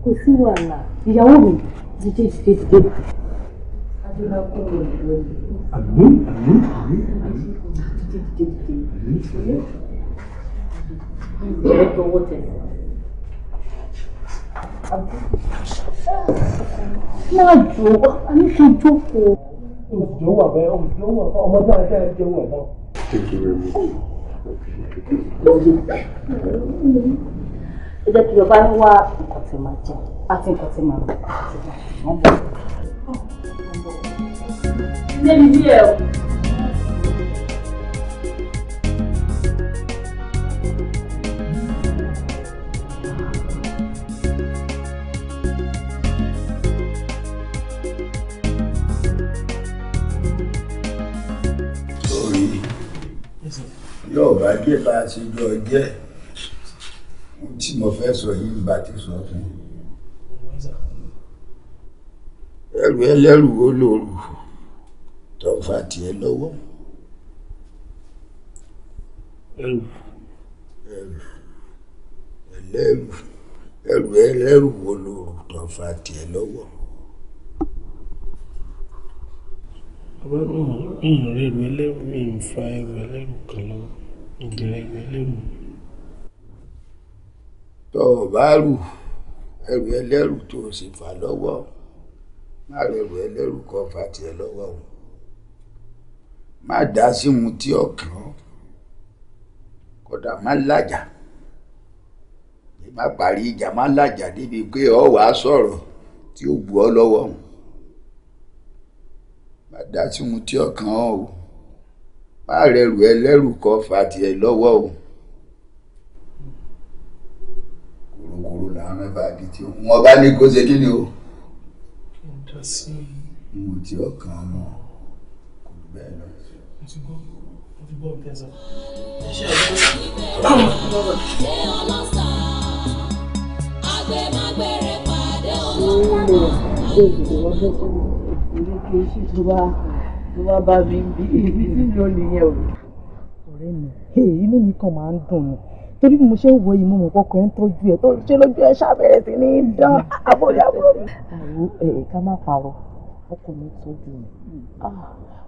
kò sí wàhálà ìyàwó mi jíjẹ́ ìṣe ìṣe. àmín àmín àmín àmín. Dr. Waters. Máa jò wá, a ní ṣe jókòó. Òjò wà bẹ́ẹ̀, òjò wà bẹ́ẹ̀, ọmọdé àti ẹ̀ jẹun ẹ̀ náà. Ẹ jẹ́ kí o bá wá nǹkan tí máa jẹ àti nǹkan tí máa bọ̀. Ilé mi bí ẹ̀ o. tó o bá dé bá a ṣe jọ jẹ́ ohun tí mo fẹ́ sọ yìí ń bá ti sọ fún un. ẹrù ẹlẹ́rù olóoru tó ń fa tiẹ̀ lọ́wọ́. ẹrù ẹrù ẹlẹ́rù ẹrù ẹlẹ́rù olóoru tó ń fa tiẹ̀ lọ́wọ́. ọlọ́run ìyìn rẹ̀ mi mi ń fa ẹrù ẹlẹ́rù kan lọ́wọ́ ìdìrẹ̀yìn ẹlẹ́rù. tọ́ o bá rù ẹrù ẹlẹ́rù tó o sì fà lọ́wọ́ má rẹrù ẹlẹ́rù kan fà tiẹ̀ lọ́wọ́ o má dá sí ohun tí ọkàn ọ kódà má làjà ẹ má parí ìjà má làjà débi pé ọ wàá sọ̀rọ̀ tí ó bù ọ lọ́wọ́ o má dá sí ohun tí ọkàn o má rẹrù ẹlẹ́rù kọ́ fa tiẹ̀ lọ́wọ́ o kòròkòrò làwọn mẹ́fà di tí wọ́n bá ní kó ṣe kí ni o. mo ti ọkàn ọmọ kò bẹ́ẹ̀ lọ. Agbẹ̀magbẹ̀rẹ̀ pàdé ọlọ́pàá tó wá bá mi bí ibi tí ló nìyẹn o. ọ̀rẹ́ mi inú mi kàn máa ń dùn ni torí bí mo ṣe ń wo yìí mo mọ̀ kọkàn ń tọ́jú ẹ̀ tó ṣe lójú ẹ̀ ṣàbẹ̀rẹ̀ sí ní dán àbórí àbúrò mi. àwo ẹ ká má parọ́ ọkọ mi tọ́jú mi ah,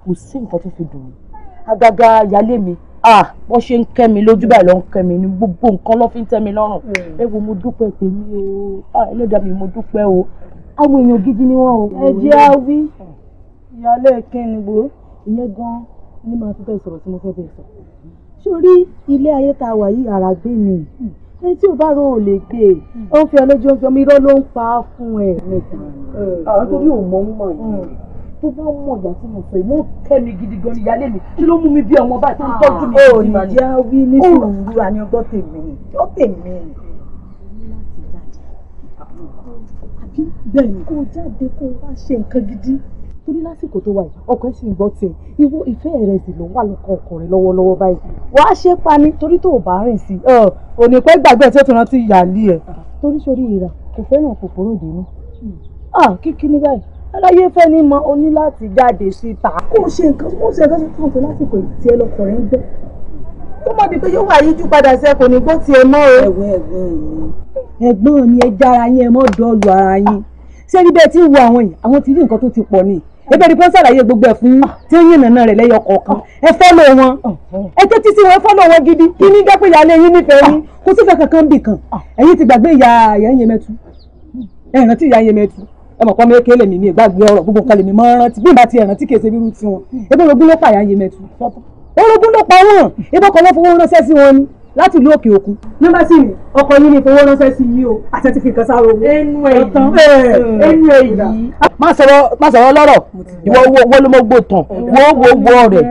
kò sí nǹkan tó fi dùn mí àgàgà ìyálé mi ah, wọ́n ṣe ń kẹ́ mi lójú báyìí ló ń kẹ́ mi ní gbogbo nǹkan ló fi ń tẹ́ mi lọ́rùn hmm. ẹ wo mo dúpẹ́ tèmi o ah, ẹlẹ́dàá mi mo dúpẹ́ o àwọn èèyàn gidi ni wọ́n o ẹ jẹ́ àwí ìyáálé kíni wo ìyẹn gan ni màá fi bẹ́ẹ̀ sọ̀rọ̀ tí mo fẹ́ bẹ́ẹ̀ sọ. sórí ilé ayé tá a wà yìí àrà gbé ni ẹni tí ò bá ro ò lè gbé ó ń fi ọlójú ó ń fi ọmọ irọ́ ló ń pa á fún ẹ. àwọn tó yóò mọ mọ yìí mm. tó bá mọ ìyá tí mo sọ yìí wọn kẹ́mi gidi gan ni ìyáálé mi tí ló mú mi bí ọmọ báyìí tó ń tọ́jú mi. Ah, ó ní ìyá wí ní sùúrù àní ọgbọ́n tèmi ó tèmi. bẹ́ẹ̀ ni kó jáde kó wá ṣe nǹkan gidi torí lásìkò tó wà yìí ọkọ ẹ sì ń gbọ́ tiẹ̀ ìwọ ìfẹ́ rẹ sì ló wà lọ́kọ ọkọ rẹ lọ́wọ́lọ́wọ́ báyìí wàá ṣe pa ni torí tó o bá rìn sí i òní pẹ́ gbàgbé ẹ̀ tí ó ti rántí ìyáálé ẹ̀. torí sori ìrà kò fẹ́ràn kòkòrò dènú kíkí ní báyìí aláyé fẹ́ ní mọ o ní láti jáde síta. kó ṣe nǹkan kó ṣe nǹkan tó ń fẹ́ lásìkò tí ẹ lọkọ rẹ ń gbẹ ó mọ̀ di pé yóò wá yíjú padà sí ẹ kò ní gbó tiẹ̀ mọ́ o. ẹ̀wẹ̀ ẹ̀gbọ́n mi ẹ̀gbọ́n mi ẹ jára yín ẹ mọ́ dọ́ọ̀lù ara yín ṣé níbẹ̀ tí ń wo àwọn yìí àwọn ti rí nǹkan tó ti pọ̀ ni ebe ni pọ́n ṣàlàyé gbogbo ẹ̀ fún tí ó yìn nàná rẹ̀ lẹ́yọ kọ̀ọ̀kan ẹ fọ́lọ̀ wọn ẹ tẹ́tí sí wọn ẹ fọ́lọ̀ wọn gidi kí ní dẹ́pẹ́ ìyá lẹ́yìn nífẹ̀ẹ́ yín kó sífẹ̀ kankan bì kan ẹ̀yin ti gbàgbé ìyá ìyá yẹn mẹ́tu ẹ rántí ìyá yẹn mẹ́tu ẹ mọ̀ pọ́n mi kéle mi mi ìgbàgbé ọ̀rọ̀ gbogbo nǹkan lèmi máa rántí bí ìbá ti ẹ̀rántí kèsè bírú tiwọn ebí orogún ló pa ìyá yẹn mẹ́tu orogún ló pa wọn ebí ọkọ̀ lọ́ fowó ránṣẹ́ sí wọn láti ìlú òkè òkun nígbà tí ọkọ yín ni fowó ránṣẹ́ sí yìí o àti ti fi nǹkan sára owó. ẹnu èyí ẹnu èyí. má sọ̀rọ̀ lọ́rọ̀ ìwọ owó ló mọ́ gbó tán wọ́n wo owó rẹ̀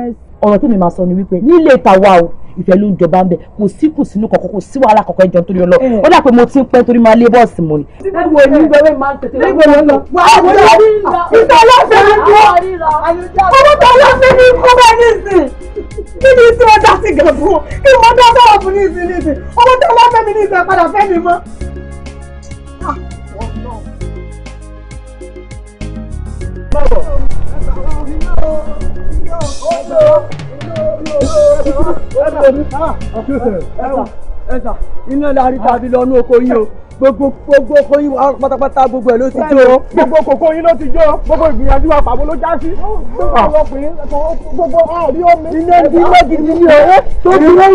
ọ̀rọ̀ tí mi máa sọ ni wípé nílé ìtawà o ìfẹ́ ló ń jọba ń bẹ̀ kò sí kùsínú kọ̀ọ̀kan kò sí wàhálà kọ̀ọ̀kan ẹ̀jọ̀ nítorí ọlọ́ọ̀ eh. ó dà pé mo ti ń pẹ́ torí máa lé bọ́ọ̀sì mọ́ ni. nígbà wo ni bẹ́ẹ̀ máa ń tètè lọ́wọ́ lọ. ìfẹ́ ọlọ́sẹ̀ ni kú ọmọ tó ọlọ́sẹ̀ ni kú bá ní ìsìn kí ni tí wọ́n dá sí gàbó kí ni wọ́n dá bá ọ̀bùn ní ìsìn ní ìsìn ọmọ tó ọlọ́sẹ̀ mi ní ìsìn padà fẹ́ mi mọ́. bọ̀bọ̀. ẹ̀sà iná lárí tàbí lọ́nú oko yín o gbogbo gbogbo oko wa pátápátá gbogbo ẹ̀ ló ti jó. gbogbo kòkó yín ló ti jó gbogbo ìgbìyànjú wa pàbó ló já sí. gbogbo àárí omi. iná ń di gidi ni o tó fi lé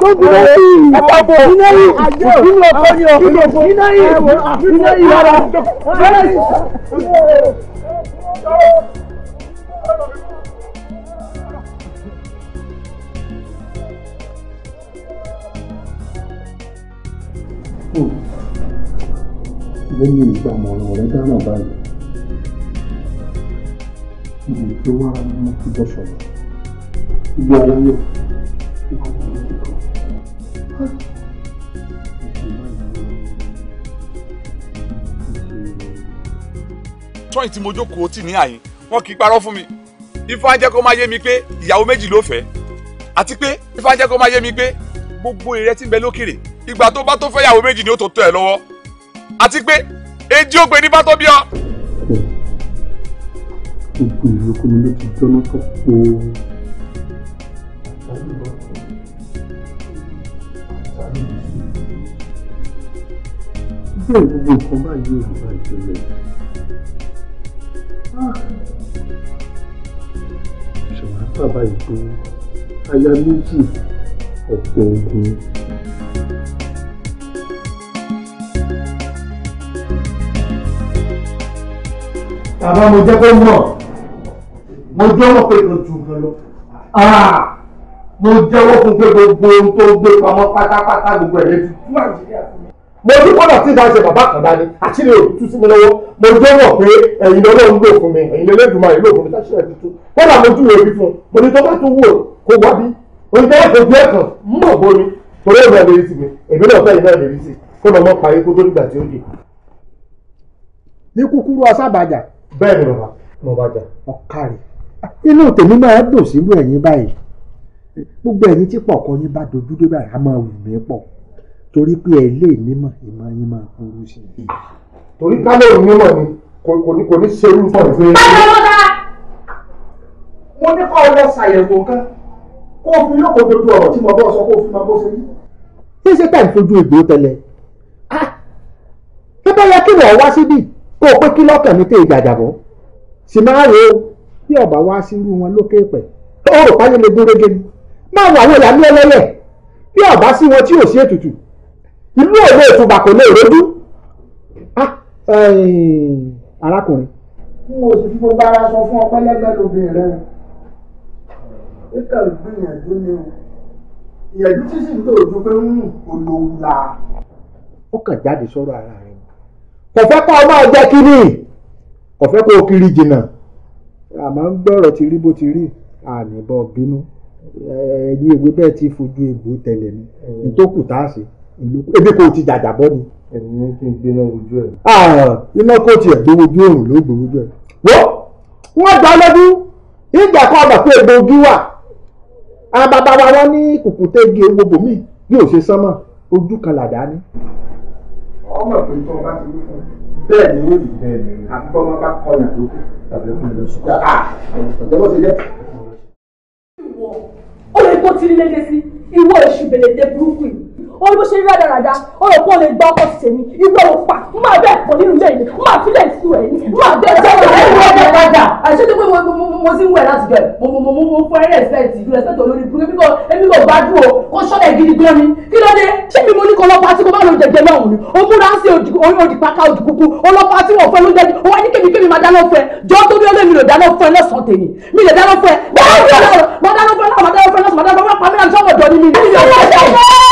tó fi lé yìí ẹ̀pàbò iná yìí ìdílé ọkọ ni o iná yìí iná yìí rárá lẹ́yìn ìgbàmọ̀ràn rẹ̀ dáná báyìí mo tó wá mú kí bọ́ sọ̀rọ̀ ìgbé aláyọ̀ ìgbà mọ̀ràn nìkan. tọ́yìn tí mo jókòó tì ní àyín wọn kì í parọ́ fún mi ifá ń jẹ́ kó máa yé mi pé ìyàwó méjì ló fẹ́ àti pé ifá ń jẹ́ kó máa yé mi pé gbogbo èrè tí ń bẹ lókèrè ìgbà tó bá tó fẹ́ ìyàwó méjì ni ó tó tọ́ ẹ lọ́wọ́ àti pé èjì ògbè ní bá bí ọ. gbogbo ìlú kò ní ló ti jọ́nà tó po bẹ́ẹ̀ gbogbo nǹkan báyìí ò ní bá ìjọba yìí ṣùgbọ́n bàbá ìpè aya méjì ọ̀pọ̀ ogun. bàbá mo jẹ́ pé mọ̀ mo jọ́wọ́ pé kò ju nǹkan lọ. Ah, mo jẹ́wọ́ fún pé gbogbo ohun tó gbé pamọ́ pátápátá gbogbo ẹ̀ lè tutù àjíríà fún mi. mo dúpọ̀ náà tí ìdá ṣe bàbá kan dání àti ilé mo jẹ́ mọ̀ pé ẹ̀yin mi ẹ̀yin ìlú òfin mi táṣí tuntun mo dúró ibi fún un mo ní tó bá tún kó wá bí ìfojú ẹ̀kan torí ẹ̀mí ẹ̀ lérí sí mi èmi náà lérí sí kó tó nígbà tí ó ní kúkúrú bẹ́ẹ̀ ni bàbá mo torí pé ẹ lè nímọ̀ ìmọ̀ yín máa burú sí i. torí ká lè ni kò ní kò ní ṣerú tọ̀ pé. báwo ló dáa mo ní kọ́ ọ lọ ṣàyẹ̀wò kan kó o fi lóko dodo ọ̀rọ̀ tí mo bọ́ sọ kó o fi máa bó ṣe rí. ṣé ṣe táì fojú ìgbò tẹ́lẹ̀ kí ah! bá yẹ kí wọ́n wá síbí kó o pé kí lọ́kàn mi tẹ ìgbàjàbọ̀ sì máa rò ó bí ọ̀bà wá sírú wọn lókè pẹ̀ tó rò páyé lè gún ni máa wà wọ́n yà ní bí ọ̀bá sí wọn tí ò sí ètùtù inú òde ìtubà kò lè rojú arákùnrin. n ò sì fi gbogbo ara sọ fún ọpẹ́ lẹ́gbẹ̀ẹ́ lóbìnrin rẹ níkà gbìyànjú ni ìyànjú tí sì ń tó ojú pé ń olówó la. ó kàn jáde sọ̀rọ̀ ara rẹ̀ kò fẹ́ kó o máa jẹ́ kínní kò fẹ́ kó o kiri jìnnà àmọ́ ń gbọ́rọ̀ ti rí bó ti rí àníbọ̀ bínú ẹ̀yin ìwé bẹ́ẹ̀ ti fojú egbò tẹ̀lé ní nítòkù tá a ṣe. ìlú ebi kò ti jàjà bọ́ ni. ẹ̀mí ní kí n gbéná ojú ẹ̀. Ah, iná kò tiẹ̀ gbowó ojú òrùn ló gbowó ojú ẹ̀. wọ́n wọ́n gbá lọ́dún ìgbà kan ọ̀gbà pé egbògi wà àwọn bàbá wa wọ́n ní kùkùté igi owó bòmí bí ò ṣe sánmọ̀ ojú kan làdá ní. ọmọ pé tó o bá ti wí fún bẹ́ẹ̀ ni ó rí bẹ́ẹ̀ ni àti bọ́mọ bá kọ́ ìlú tàbí fún ìlú ṣùgbọ́n ọ̀jọ̀ bó ti jẹ́ ìwọ ó lè kó tí ń léde sí ìwọ èṣù bèlè dé burúkú yìí orí bó ṣe rí rádaràda ọ̀rọ̀ kó lè gba ọkọ̀ tèmi ìgbẹ́ ò fà má bẹ́ẹ̀ pọ̀ nínú ilé mi má fi lè sú ẹ̀ ní bẹ́ẹ̀ jẹ́ ọ̀rọ̀ ẹ̀ wọ́n ẹ̀ padà àṣẹ tó pé mo ti ń wẹ̀ láti jẹ mo mo mo mo fún ẹ rẹ́spẹ̀tì ìlú ẹ̀sẹ̀ tó lórí burúkú bíkọ èmi kò gbádùn o kò sọ́dẹ̀ gidi gan ni kí ló dé ṣé mi mo ní kó lọ́pàá tí kò bá lọ jẹjẹ náà ni o múra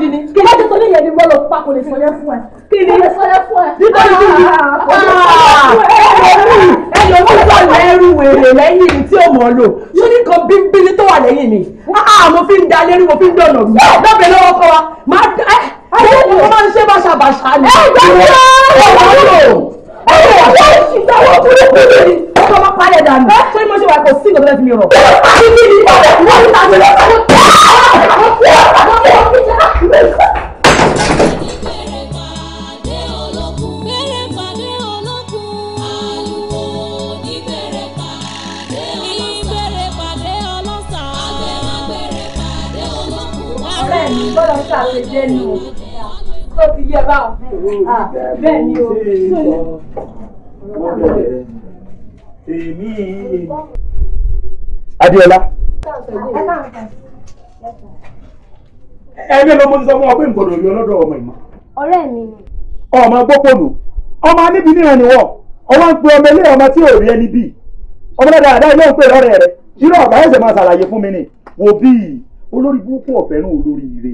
sọlẹ fún ẹ. kí ni mo sọlẹ fún ẹ. nígbà tí mi kò ní sọlẹ fún ẹ. ẹnu mi sọ̀rọ̀ ẹrú wèrè lẹ́yìn mi tí ò mọ̀ lò ṣé ní kan bíbélì tó wà lẹ́yìn mi. mo fi ń da lérí mo fi ń dọ̀nà mi. lọ́bẹ̀ lọ́wọ́ kọ́ wa máa dá ẹ́ ayé mi mo máa ń ṣe bàṣàbàṣà ni. ẹ gbàgbọ́ ẹ wọ́n lò ẹ wọ́n ṣìṣẹ́ wọ́n kúrò kúrò ni. ọkọ̀ máa parẹ́ dànù. ṣé mo ṣe wà kò sí ìgbàgbọ́ Ah, ah, bẹ́ẹ̀ ni o Adéọlá ẹgbẹ́ ló mọ́ sọ fún wa pé nǹkan òyìn ọlọ́dọ̀ ọmọ ìmọ̀. ọ̀rẹ́ mi ni. ọmọ gbọ́pọ̀nù ọmọ níbi níran ni ọmọ ń pe ọmọ ilé ọmọ tí ò rí ẹni bíi ọmọ dáadáa àdá ilé ń pè lọ́rẹ̀ rẹ̀ irú ọ̀gá ẹ̀sẹ̀ máa ṣàlàyé fún mi ni wò bíi olórí burúkú ọ̀fẹ́ nù olórí ire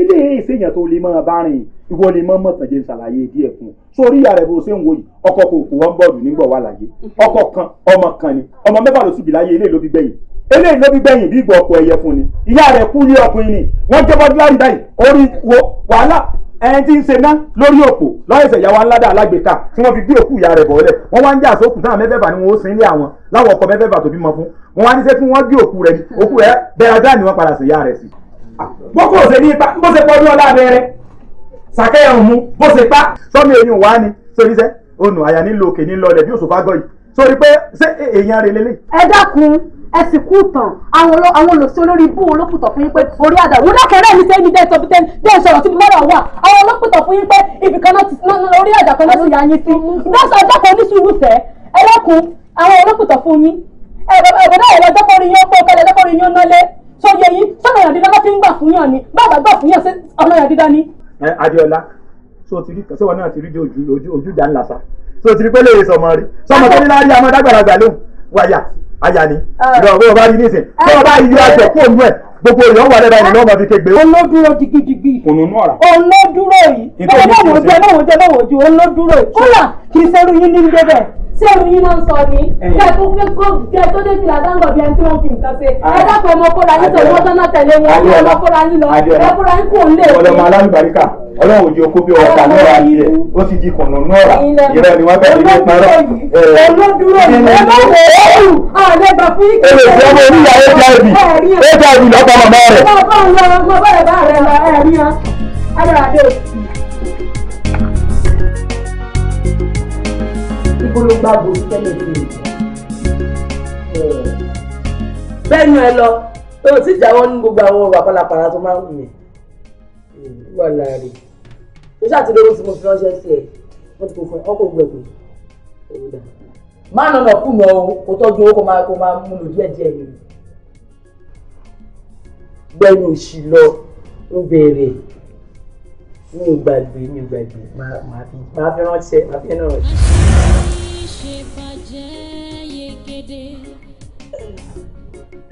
eléyìí ìsèyàn tó lè máa bá rìn ìwọ lè mọ mọ̀tànjẹ́ ṣàlàyé díẹ̀ fún un sórí ìyá rẹ̀ bó ṣe ń wo yìí ọkọ kò kò wọ́n bọ̀dù nígbà wà láyé ọkọ kan ọmọ kan ni ọmọ mẹ́fà ló sì bì láyé eléyìí ló bí gbẹ̀yìn eléyìí ló bí gbẹ̀yìn bí gbọ̀ ọkọ ẹyẹ fún ni ìyá rẹ̀ kú lé ọkùnrin ni wọ́n jẹ́ bọ́dúlárì báyìí orí wàhálà ẹni tí ń ṣe ná lórí òpó lọ́yẹ̀sẹ̀ ìyá wa ńlá dà alágbèéká tí wọ́n fi gbé òkú ìyá rẹ̀ bọ̀ọ́lẹ̀ wọ́n wá ń jà sókùn táwọn mẹ́fẹ̀ẹ̀fà ni wọ́n ó sin ilé àwọn láwọn ọkọ̀ mẹ́fẹ̀ẹ̀fà tó bímọ fún wọ́n wá ní sẹ́ wọ́n gbé òkú rẹ̀ òkú rẹ̀ bẹ́ẹ̀ ajá ni wọ́n padà sí ìyá rẹ̀ sí boko ose ni ipa bó ṣe pọdún ọlá abẹrẹ sàkẹyà òmu bó ṣe pa sọmi èyí wà ní sórí sẹ ònù àyà nílò òkè ní lọlẹ bí òṣòfà gọyì sórí pé ṣé èèyàn rẹ lélẹ. ẹ dákun ẹ sì kú tán àwọn olùsí olórí bú olókùtọ̀ fún yín pé orí àdá wúlò kẹrẹ mi sẹ́yìn bẹ́ẹ̀ sọ bẹ́ẹ̀ sọ̀rọ̀ síbi mọ́ra wà àwọn olókùtọ̀ fún yín pé ibìkan náà ti orí àdá kan náà ti yà yín sí. dọ́sà dákun oníṣùúrù fẹ́ ẹ dákun àwọn olókùtọ̀ fún yín ẹ̀ bọ̀dọ̀ ẹ̀ lọ́jọ́ kọrin yín ó pọ̀ kẹlẹ̀ lọ́kọrin yín ó nálé tó yẹ yín sọ́nà yàn dídá láti ń gbà fún yàn ni bàbá gbà fún yàn sí ọ̀nà yàn dídá ni. ẹ Adéọlá so ti rí sọ wọn náà ti rí di ojú ojú ojú ìjà ńlá sa so ti rí pé lè sọmọ rí sọmọ tó ní láàrí àmọ́ dágbàlagbà lóhùn wáyà àyà ni ìrọ̀rùn ọba rí nísìn tó ọba yí aṣọ kó nú ẹ̀ gbogbo èèyàn wà lẹ́dàá ìlú ọmọ fi kegbe. olódúró digidigi olódúró yìí ẹ lọ́wọ́ jẹ lọ́wọ́ jẹ lọ́wọ́ jẹ olódúró yìí kódà kì í ṣerú yín ní bẹ́ẹ̀ ṣé èmi yín náà ń sọ ni kẹ tó fẹ́ kó kẹ tó dé ti àdáńgọ̀ bí ẹni tí wọ́n fi nǹkan ṣe ah. ẹ dákun ọmọ kóra yín tòun ọjọ́ náà tẹ̀lé wọn ọmọ ọmọ kóra yín lọ ẹ kóra yín kò lè. ọlọmọ alábìbáríkà Ọlọ́run òjì okó bí ọkà níwà ilẹ̀ ó sì di kùnà nọ́ọ̀rà ìrẹ́ ni wọ́n bẹ̀rẹ̀ ilé parọ́. olódúró ni ẹ bá wò ó wù àlẹ́ bá fún ìkẹ́ ẹ̀ ẹ̀ ọmọ oníyà hiv hiv lọ́pọ̀ mọ̀mọ́ rẹ̀. ọkọ̀ ọ̀rọ̀ ọmọ bẹ́ẹ̀ bá rẹ̀ lọ ẹ̀rí hàn ibo ló gbá bo sí tẹ́lẹ̀ sí i bẹ́ẹ̀ nu ẹ lọ tó o sì jáwọ́ ní gbogbo àwọn ọ̀rọ̀ àpàlàpàlà tó máa ń wù mí wà láàrin mo ṣàtúndé owó tí mo fi ránṣẹ́ sí ẹ wọ́n ti kò fún ẹ ọkọ̀ gbẹ̀gbẹ̀ owó dà má nà nà o kò tọ́jú owó kó máa mú lò díẹ̀díẹ̀ ni gbẹ̀yìn òṣì lọ ń béèrè mi ò gbàgbé mi ò gbàgbé màá fi màá fi ránṣẹ́ màá fi ẹnu ránṣẹ́.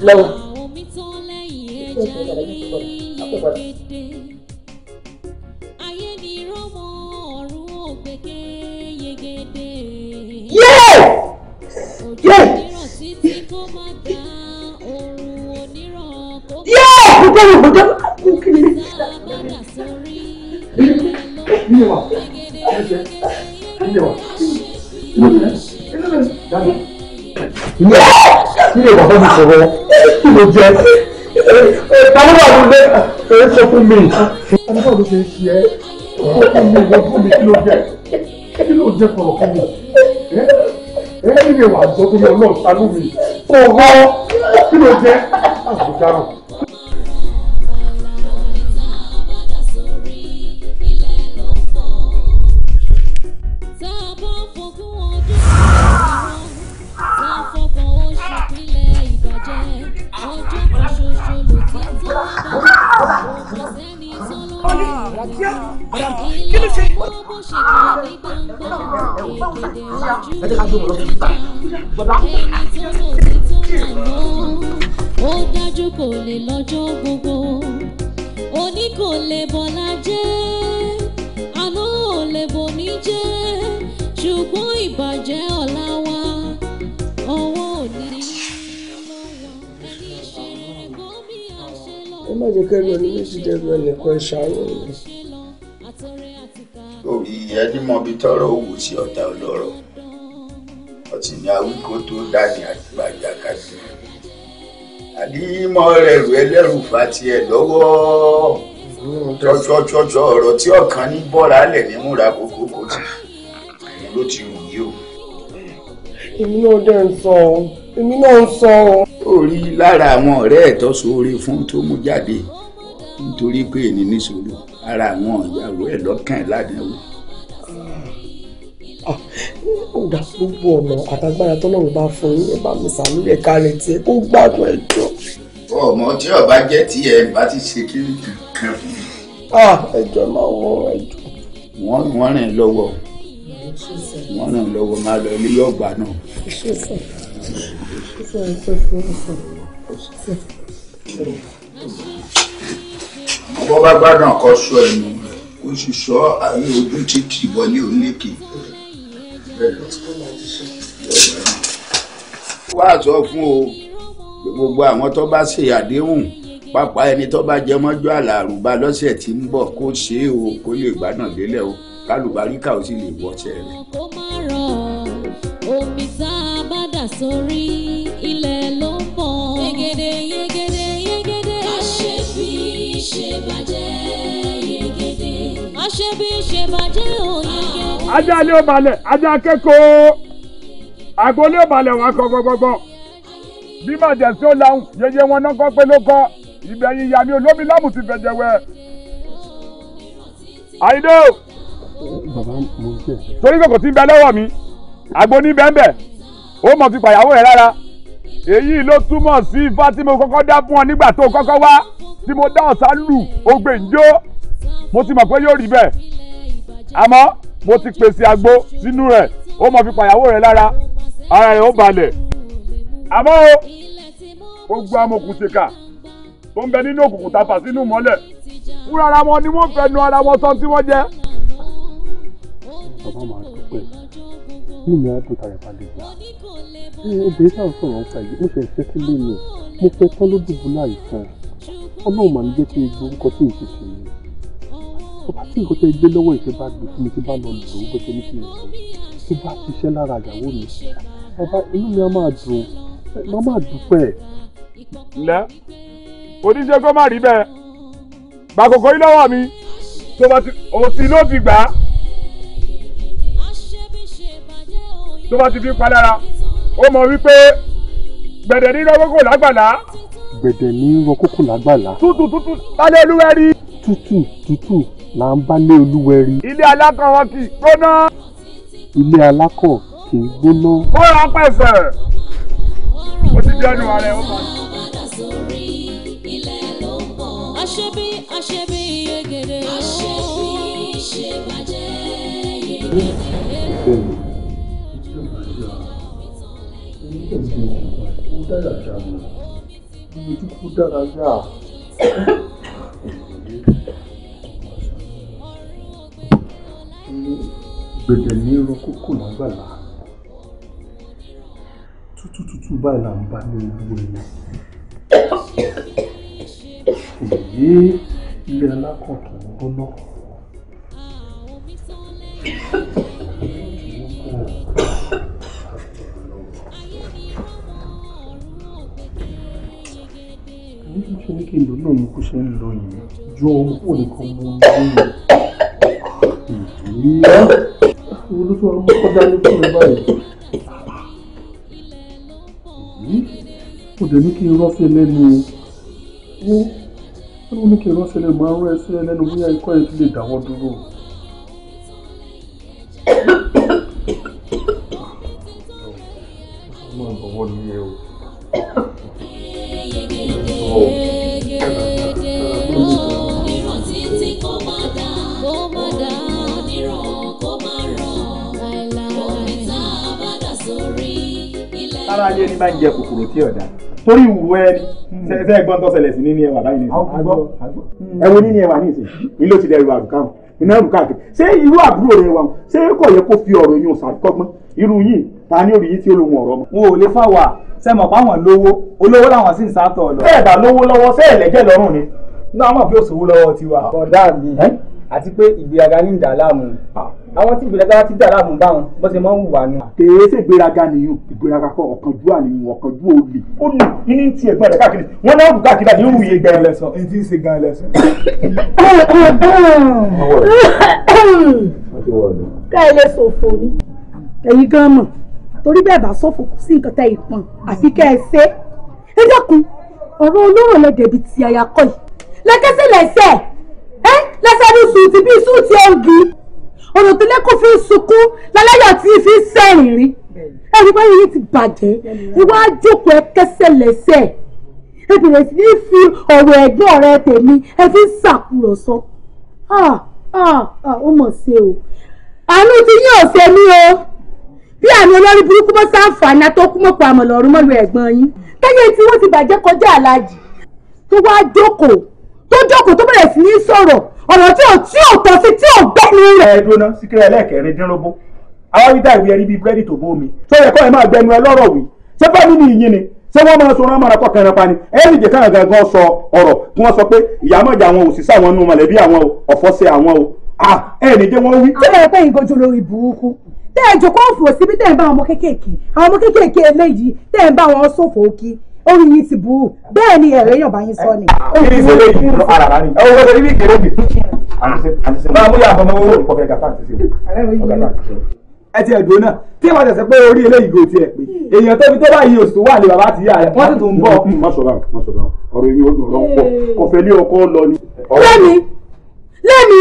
lọ́wọ́ ayé ni rọ́mọ ọ̀run ògbẹ́gẹ́ yegede. yẹ́ẹ̀ yẹ́ẹ̀ yẹ́ẹ̀ kò tẹ́lẹ̀ kò tẹ́lẹ̀. Niye bak? Neyse. Niye bak? Niye? Niye bak? Hadi sọ̀rọ̀. Kí ló jẹ́? Báwo wà lóde? Ẹ sọ fún mi. Ẹni bá ló ṣe ń ṣe ẹ́. Ó fún mi, ó fún mi, kí ló jẹ́? Kí ló jẹ́ sọ̀rọ̀ fún mi? Ẹ ẹ́ níbi ìwà àjọ tó yẹ ọlọ́ọ̀ta lómi. Òhọ́ kí ló jẹ́? Àbújá náà. kí ó dájú kò lè lọ́jọ́ gbogbo òní kò lè bọ́lá jẹ́ àná ò lè bòní jẹ́ ṣùgbọ́n ìbàjẹ́ ọ̀la wa ọwọ́ òní ló wà ẹni ṣe rere gómìnà ṣe lọ́wọ́ ẹni má jẹ́ kẹ́rù ẹni méjì dẹ́rù ẹnìkan ṣàárò ìyẹn ní mọbi tọrọ òwò sí ọ̀tá ọlọ́rọ̀ ọtí ni awíkó tó dání àgbàjà kájú àdìmọ rẹ rú ẹlẹrù fati ẹ lọ́wọ́ tọjọjọjọ ọ̀rọ̀ tí ọkàn ní bọra lẹ ní múra kókó kó tì ló ti rù yí o. èmi náà dẹ̀ ń sọ ọ́ èmi náà ń sọ ọ́. ó rí lára àwọn ọ̀rẹ́ ẹ̀ tó ṣoore fún tó mú jáde nítorí pé èmi ní sòrò ara àwọn ìyàwó ẹ̀ lọ́kàn ẹ̀ ládàáwò. Ah, ó dá gbogbo ọ̀nà àtàgbára tọ́lọ́run bá fún yín ẹ bá mi sàánú rẹ̀ kárẹ̀ tiẹ̀ kó gbádùn ẹ̀ jọ. ọmọ tí ọba jẹ tiẹ bá ti ṣe kí kankan fún mi. ẹjọ máa wọ ẹjọ. wọn wọn rìn lọ́wọ́ wọn rìn lọ́wọ́ máa lọ ilé ọgbà náà. ọmọ bá gbádùn ọkọ sọ ẹnu rẹ̀ kó sì sọ àyè ojú títì wọlé oníkèé wá sọ fún o gbogbo àwọn tó bá ṣe àdéhùn pápá ẹni tó bá jẹ mọ́jọ́ àlàrùn bá tí ń bọ̀ kó ṣe é o kó lè gbádùn délẹ̀ o kálùbáríkà ó sì lè wọ́ṣẹ́ rẹ̀. kó omi tá a bá dà sórí ilẹ̀ ló ń bọ̀ yegede yegede yegede. a ṣe bí ṣe bàjẹ́ ajá ilé ó balẹ̀ ajá akẹ́kọ̀ọ́ àgbo ilé ó balẹ̀ wọn kọ gbọgbọgbọ bí màjẹ̀sí ó lahùn yeye wọn náà kọ́ pé ló kọ́ ìbẹ̀yìn ìyá mi olómi lámù ti fẹ̀jẹ̀ wẹ̀ àyídó torí kòkò tí ń bẹ lọ́wọ́ mi àgbo ní bẹ́ẹ̀nbẹ́ ó mọ̀ fi pàyàwó rẹ̀ rárá èyí ló túmọ̀ sí ifá tí mo kọ́kọ́ dá fún ọ nígbà tó kọ́kọ́ wá tí mo dá ọ̀sán lù ogbèǹjó mo ti mọ̀ pé yóò rí bẹ́ẹ̀ àmọ́ mo ti pèsè àgbo sínú rẹ̀ ó mọ̀ fi pàyàwó rẹ̀ lára ara rẹ̀ ó balẹ̀ àmọ́ o gbogbo amòkùnṣèkà tó ń bẹ nínú òkùnkùn tapà sínú mọ́lẹ̀ fúnra ara wọn ni wọ́n fẹnu ara wọn sọ tí wọ́n jẹ́. bàbá máa dúpẹ́ ní ìyá àdùtà rẹ̀ balẹ̀ gbà obìnrin sáà ń sọ̀rọ̀ nípa èyí mo ṣe ṣe sílé mi mo fẹ́ tán ló dùbúlà ìtàn ọlọ́run màá ní jẹ́ kí n gbórúkọ tí ì tó bá sí nǹkan tó gbé lọ́wọ́ ìfẹ́ bá gbé fún mi tí bá lọ lò ó bó ṣe ní kí n lò ó tó bá ṣiṣẹ́ lára ìyàwó mi bàbá inú mi á máa dùn má máa dúpẹ́. ǹlẹ́ oníṣẹ́ kó má rí bẹ́ẹ̀ gbàkókò yín lọ́wọ́ mi tó bá ti òsì ló ti gbà á tó bá ti fi pa lára ó mọ wípé gbẹ̀dẹ̀ ní rọ́kókò lágbàlá. gbẹ̀dẹ̀ ní rọ́kókò lágbàlá. tútù tútù tálẹ́ olúwẹ́rí. tútù tútù là ń bá lé olúwẹ̀rí. ilé alákàn wọn kì í gbóná. ilé alákàn kì í gbóná. ó pẹ̀sẹ̀ ó ti di ẹnu ààrẹ ó máa. àṣebí àṣebí gbẹ̀dẹ̀ ní irun kókò lágbàlá tútù tútù báyìí là ń bá ní olúwo ilẹ̀ èyí ilé alákọ̀tún ń gbóná. bí ní kí n lò náà ni kò ṣe ń lò yìí ju ohun kúrò nìkan mo ń lò yìí olúfẹ́ ọ̀run kọjá ní fún mi báyìí. òde ní kí o rọ́ọ̀fẹ́ lẹ́nu o ó o kí n rọ́ọ̀fẹ́ o máa ń rọ́ ẹsẹ̀ lẹ́nu bóyá ikọ́ o ti lè dáwọ́ dúró. máa ń jẹ kòkòrò tí ọ̀dà torí ìwúwo ẹ hmm. ṣe ẹgbọ́n tó ṣẹlẹ̀ sí nínú ẹwà báyìí nìyẹn. Hmm. ẹ wo nínú ẹwà nìyẹn ni ló ti dẹrù àrùkàn iná àrùkàn àti ṣé irú àbúrò rẹ wà ṣé kò yẹ kó fi ọ̀rọ̀ yín ṣàkọ́gbọ́n irú yìí ta ni òrìyìn tí ó lóhun ọ̀rọ̀ mọ́. wọn ò lè fà wà sẹ́mọ̀ páwọn lówó olówó làwọn sì ń sátọ̀ lọ. bẹ́ẹ̀ bá lówó lọ́wọ́ sẹ́ẹ̀ lẹ́jẹ̀ lọ́rùn ni náà mọ̀ pé òṣòwò lọ́wọ́ tiwa. ọ̀dà àwọn tí ìgbéraga ti dára mú bá wọn bó ṣe máa ń wùwà nù. kèé ṣe ìgbéraga nìyẹn ìgbéraga kọ ọ̀kánjú àníyàn ọ̀kánjú olè ó lè ní ti ẹ̀gbọ́n rẹ̀ káàkiri wọn náà wù káàkiri àti yóò wuyé gan lẹ́sàn èyí tí ń ṣe gan lẹ́sàn. ká ẹ lè ṣòfò ni. ẹ̀yin gan mọ̀ torí bẹ́ẹ̀ bá ṣòfò kò sí nǹkan tẹ́ ìpọn àfi kẹ́ ẹ ṣe é dákun ọ̀rọ̀ olóró lẹ dẹ̀bi ti àyàkọ́ yìí lẹ́kẹ́sẹ̀ lẹ́sẹ̀ ẹ́ lẹ́sẹ̀ ní sùn ti bí sùn ti ẹ̀ ń gbin ọ̀nà tó lẹ́kọ̀ọ́ fi ń sunkún lálẹ́yà tí fi ń sẹ́rìn rí ẹ̀rí báyìí yìí ti bàjẹ́ ìwà àjòkò ẹ kẹsẹ̀ lẹ́sẹ̀ ẹ bẹ̀rẹ̀ sí ní fi ọ̀rọ̀ ẹ̀gbọ́n rẹ tèmi ẹ fi ń sàkúrọ̀sọ ah, ah, ah, ó mọ̀ ṣe o àánú ti yín ọ̀sẹ̀ mi o bí àmì olórí burúkú bá sáǹfààní atọ́kú mọ̀pọ̀ àmọ̀lọ̀ ọ̀rùn mọ́lu ẹ̀gbọ́n yín táyé tí wọ́n ti bàjẹ́ kọjá àlàjì tó wá jókòó tó jókòó tó bẹ̀rẹ̀ sí ní sọ̀rọ̀ ọ̀rọ̀ tí ò tí ò tọ́ sí tí ò gbẹ́nu rẹ̀. ẹ dúná síkírẹ́ ẹlẹ́ẹ̀kẹrin dínlógún àwọn ìdá ìwé ẹrí bíi búrẹ́dì tó bómi tó yẹ kọ́ ẹ máa gbẹnu ẹ lọ́rọ̀ wí ṣé fẹ́mi ni ìyìn ni ṣé wọ́n máa sọ̀rọ̀ àmàrà kọ́ kẹrin pa ni ẹ̀rì jẹ́ káyọ̀ gangan sọ ọ̀rọ̀ kí wọ́n sọ pé ìyá mọ̀jà àwọn òṣìṣẹ́ àwọn nù mọ̀lẹ́bí àwọn ọ̀fọ́ sí àwọn o ẹ̀rì jẹ́ wọ́n wí. ṣé ẹ pé ìgòjò lórí burúkú tẹ́ ẹ̀ jókòó fò síbi tẹ́ ẹ̀ bá ọmọ kéékèèké àwọn ọmọ kéékèèké eléyìí tẹ́ ẹ̀ bá wọn sòfò kí orí yìí ti burú bẹ́ẹ̀ ni ẹ̀rẹ́ yàn bá yín sọ ni. kí ni ìṣẹ̀lẹ̀ yìí ló ara rà ni ẹ wo bẹ́ẹ̀ ní kéré mi. máa mú yàtọ̀ mọ́ owó ìkọ̀fẹ́ gàtà àti ṣe ẹ ti ẹ̀dùn náà tí wọ́n tẹ̀sẹ̀ pé orí eléyìí gò tiẹ̀ pé èèyàn tóbi tó báyìí oṣù wà ní bàbá àti ìyá rẹ̀ wọ́n sì tún ń bọ̀. Mm, má sọ báwọn má sọ báwọn ọ̀rọ̀ èmi ò dùn ọ̀rọ̀ ń pọ̀ kò fẹ́ ní ọkọ lọ ni. lẹ́mi lẹ́mi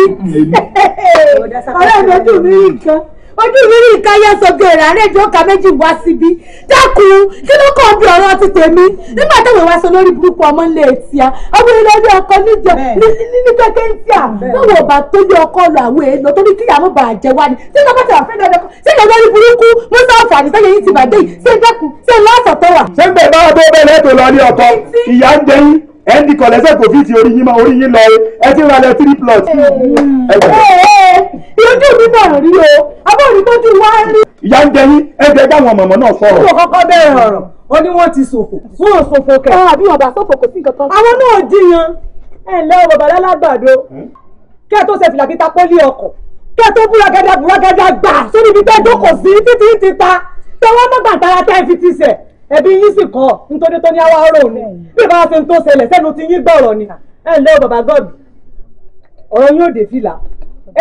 ọ̀rẹ́ mi dùn mí nǹkan ojú ìrírí nǹkan yẹn sọgbẹ rẹ àárẹ ìjọ ka méjì wá síbi dákun kí ló kàn bí ọ̀rọ̀ ti tèmi nígbà táwọn ìwà sọ lórí burúkú ọmọ ńlẹ ètí a ọmọbìnrin lórí ọkọ níjọ ní kẹkẹ ń tíà báwo ọba tó yẹ ọkọ lọ àwọn èèyàn lọ torí kíyàwó bà á jẹ wá ni tí ìjọba ti wà fẹ́ lọ́dọ̀ sí ìjọba lórí burúkú musa ọ̀fàní sẹ́yìn yìí ti bàdé yìí sí ìjọkùn sí ìlọ́sọ̀ tó wà. ṣé ń bẹ̀rẹ̀ bá wà bó bẹ́ẹ̀ lẹ́tọ̀ọ́ lọ ní ọkọ ìyá ń jẹ yín ẹ ń di kọ̀lẹ́sẹ̀ kò fi ti orí yín mọ́ orí yín lọ ẹ ti ra lẹ three plot. ojú mi mà rí o abọ́ọ̀rí tójú wá rí. ìyá ń jẹ yín ẹ jẹ dáwọn mọ̀mọ́ náà sọ̀rọ̀. mo kọ́kọ́ bẹ̀rẹ̀ ọ̀rọ̀ ó ní wọ́n ti ṣòfò fún òṣòfò kẹ̀. àbí ọ̀bà ṣòfò kò sí nǹkan kan. àwọn náà jiyàn ẹ ǹlẹ́ o bàbá lálágbàdo hm? kẹ́ ẹ tó ṣe fìlà kíta pólí ọkọ̀ kẹ́ ẹ tó búragádá búragádá gbà sórí ibi tẹ́ jókòó sí títí ti ta tẹ́wọ́ mọ́gbàntara tẹ́ fi ti sẹ̀ ẹbí yín sì kọ́ nítorí tó ní àwa rò ní bí bá a ṣe ń tó ṣẹlẹ̀ sẹ́nu ti yín gbọ̀rọ̀ ni ẹ ǹlẹ́ o bàbá gọ́ọ̀dù ọ̀rọ̀ yín ò dé fìlà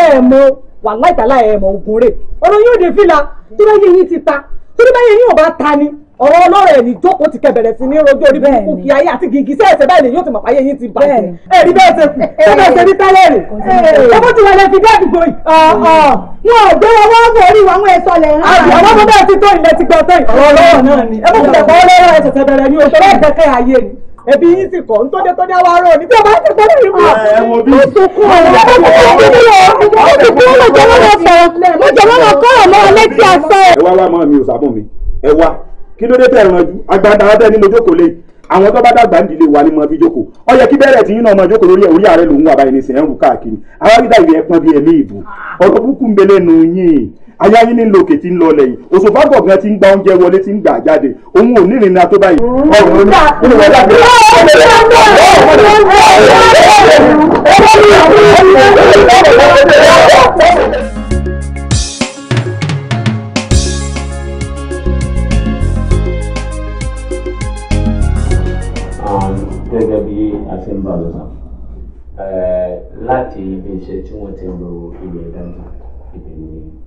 ẹ mọ wàhálà ìtàlá ẹ mọ ògùn rè ọ̀rọ̀ yín ò dé fìlà tó bá yẹ yín ti ta tó bá yẹ yín ò bá ta ni ọ̀rọ̀ ọlọ́rọ̀ ẹ̀yìn jókòó ti kẹbẹ̀rẹ̀ sí ní rojú orí burúkú kí ayé àti gìgì sí ẹ̀sẹ̀ báyìí yóò ti mọ̀ fáyé yín ti bàjẹ́ ẹ̀rí bẹ́ẹ̀ ṣe kù ṣé bẹ́ẹ̀ ṣe ní tẹ́lẹ̀rì ẹ̀kọ́ ti wọlé ti dé àdúgbò yìí. wọn ò gbé wọn wọ́n wọ orí wọn wọn ẹ̀sọ́ lẹ̀ ń rà. àwọn ọmọ bẹ́ẹ̀ ti tó ilẹ̀ ti gbọ́ tẹ́yìn ọ̀rọ̀ ọlọ́rọ̀ náà ni ẹ ebi yìí sì kọ́ ntọ́jẹ́ tọ́jẹ́ wa rọ̀ ní bí ọba ti gbọ́dọ̀ yìí mọ̀. ẹ wọ bí. òsùnkún ọ̀rọ̀ ọ̀rọ̀ ọ̀rọ̀ ọ̀rọ̀ ọ̀rọ̀ ó ti kú mọ̀jọ́ mọ́ra sọ̀rọ̀ mọ̀jọ́ mọ́ra kọ́ ọ̀rọ̀ mọ́ra létí asọ́. ẹ wá wá mọ́ mi ò sábọ̀ mi ẹ wá kí ló dé tẹ̀ rànjú agbada wọn tẹ́ nínú jókòó lé àwọn tó bá dàgbà ń dilé wa ni mo fi jókòó ọ yẹ kí bẹ́rẹ̀ tí yín náà mọ jókòó lórí orí ààrẹ lòun wà báyìí nísìnyẹn ń wù káàkiri awárídà ìwé ẹpọn bíi ẹmí ìbò ọ̀rọ̀ búkú ń belé nu yín aya yín ní lòkè tí ń lọ òṣùpá gbọ̀ngàn tí ń gba oúnjẹ wọlé tí ń gbà jáde òun ò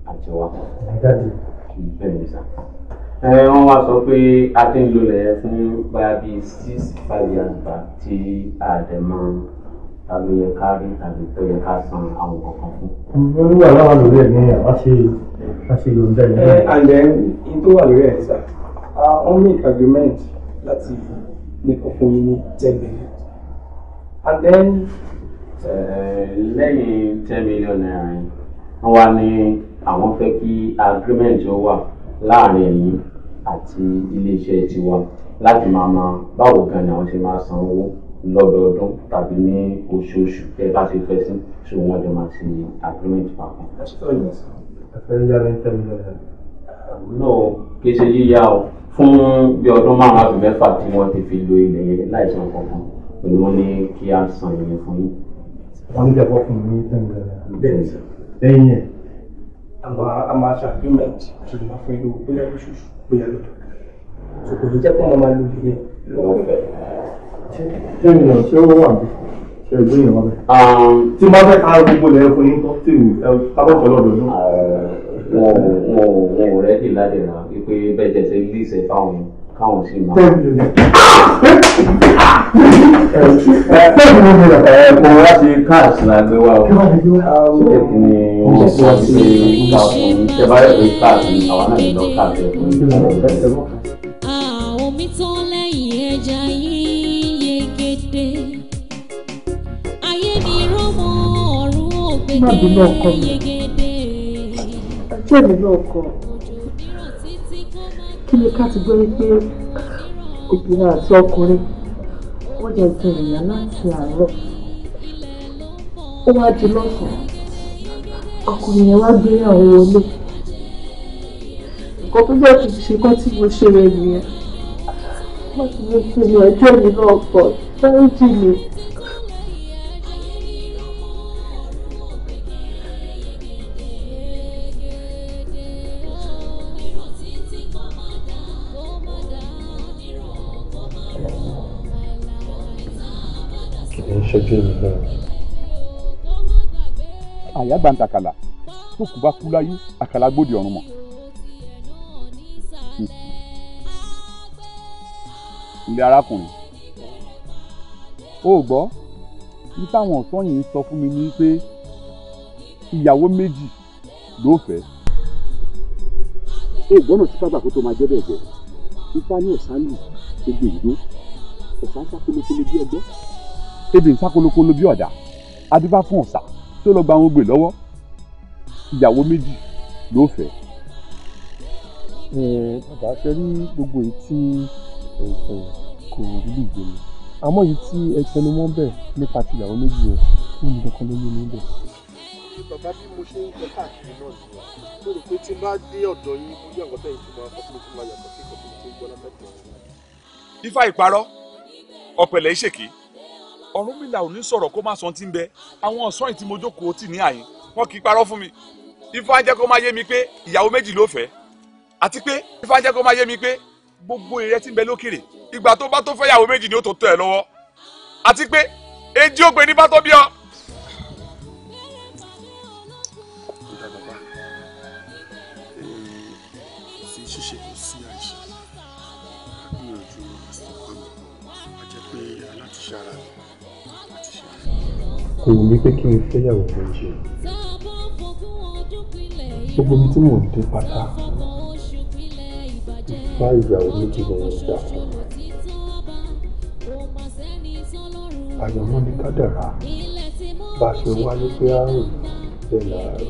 àti wa. wọ́n wá sọ pé a ti ń lo lẹ̀ fún báyà bíi six five years back tí àdẹ̀mọ́ tàbí yẹ ká rí tàbí tó yẹ ká san àwọn kankan fún. wọ́n ní wàhálà wà lórí ẹ̀ ní àwa ṣe a ṣe yọ̀ǹda ẹ̀. ẹ àlẹ́ yìí tó wà lórí ẹ̀ sà wọ́n make agreement láti nìkan fún yín ní tẹ́gbẹ̀ẹ́ and then. lẹ́yìn ten million naira wọ́n wá ní àwọn fẹ́ kí agreement ó wà láàrin ẹ̀yin àti iléeṣẹ́ tiwa láti máa ma báwo gan ni àwọn ṣe máa san owó lọ́dọọdún tàbí ní oṣooṣù tẹ́ bá ṣe fẹ́ sí ṣé wọ́n jọ máa ṣe agreement papọ̀. no kì yíyá o fún bí ọdún márùn àbí mẹ́fà tí wọ́n ti fi lo ilẹ̀ yẹn láìsan kankan ni wọ́n ní kí a san ìyẹn fún yín. wọ́n ní kí fún mi ní tẹ́lẹ̀ lọ́dọ̀. bẹ́ẹ̀ ni sir. lẹ́yìn yẹn àmọ́ a máa ṣe agreement tó lè máa fún ìlú bóyá lóṣooṣù bóyá lọ́dọ̀ tó kò ní jẹ́ pé wọ́n máa lo ìyẹn lọ́wọ́ fẹ́. ṣé ìyẹn ṣé ó wà bí ṣe ìlú yẹn wà bẹ́ẹ̀. Um, tí máa fẹ́ ká gbogbo ilẹ̀ ẹ̀kọ́ yín tán tí kábọ̀fọ̀ lọ́dọ̀ náà. Uh, wọn ò rẹ́dì ládìrán wípé bẹ́ẹ̀ jẹ́ sẹ́ káwọn sì máa. ẹ̀ẹ́dùn wa ti káàsì la gbé wa o ṣíṣe kí ni wọ́n ti ṣe nípa fún pé káàsì àwa náà nílò káàsì ẹ̀kọ́. àwọn mi lẹ́yìn ẹja yín yegede ayé ni rọ́mọ ọ̀run ògbẹ́gẹ́ yegede. ṣé èmi náà kọ́? kí ni ká ti gbọ́ wípé obìnrin àti ọkùnrin wọ́n jẹ jẹ èèyàn láti àárọ̀ ó wá di lọ́sàn ọkùnrin yẹn wá gbé àwọn wọlé nǹkan tó jẹ́ kí ṣe kán tí mo ṣe rẹ̀ nìyẹn wọ́n ti lè fi ẹjọ́ mi náà pọ̀ sáyẹ́jì mi. ìyá gbàǹtàkàlà tó kù bá kú láyé àkàlà gbòdì ọ̀run mọ̀. Hmm. ilé arákùnrin ó gbọ́ ní táwọn ọ̀sán yìí ń sọ fún mi ni pé ìyàwó méjì ló fẹ́. ìgbọ́nà tí bàbá kó tó máa jẹ́ bẹ́ẹ̀ jẹ́ ifá ní ọ̀sán lù gbogbo ìdó ọ̀sán sákolokolo bí ọgbẹ́. ebè ń sákolokolo bí ọ̀dà adúbá fún ọ̀sán tó lọ gba àwọn ògbè lọ́wọ́ ìyàwó méjì ló fẹ́. bàbá ṣe rí gbogbo èyí tí ẹ̀sìn kò rí ìgbé mi àmọ́ èyí tí ẹ tẹnu mọ́ bẹ̀ nípa ti ìyàwó méjì yẹn fún mi kankan ló ní mi bẹ̀. bàbá bí mo ṣe ń jẹ káàkiri náà ni mo rò pé tí n bá dé ọ̀dọ̀ yín mo ní ọ̀gọ́ tẹ̀yìn tí mo máa fọ́ fún mo máa yàtọ̀ sí ìkọ̀tún tí mo gbọ́ lábẹ́ tẹ̀. ìparọ́ ọ̀pẹ̀lẹ̀ ìṣèkì Ọ̀rúnmìlà ò ní sọ̀rọ̀ kó má sọ ti ń bẹ àwọn ọ̀sán yìí tí mo jókòó tì ní àyín wọn kì í parọ́ fún mi ifá jẹ́ kó má yé mi pé ìyàwó méjì ló fẹ́ àti pé ifá jẹ́ kó má yé mi pé gbogbo èrè tí ń bẹ lókèrè ìgbà tó bá tó fẹ́ ìyàwó méjì ni ó tó tọ́ ẹ lọ́wọ́ àti pé èjì ògbè ní bá tó bí ọ kò wù mí pé kí n fẹ́yàwó méjì gbogbo ibi tí mò ń dé pátá bá ìyàwó méjì ló ń dà fún mi àyànmọ́ ni kádàrá bá a ṣe wáyé pé àrùn bẹ́ẹ̀ làárọ̀.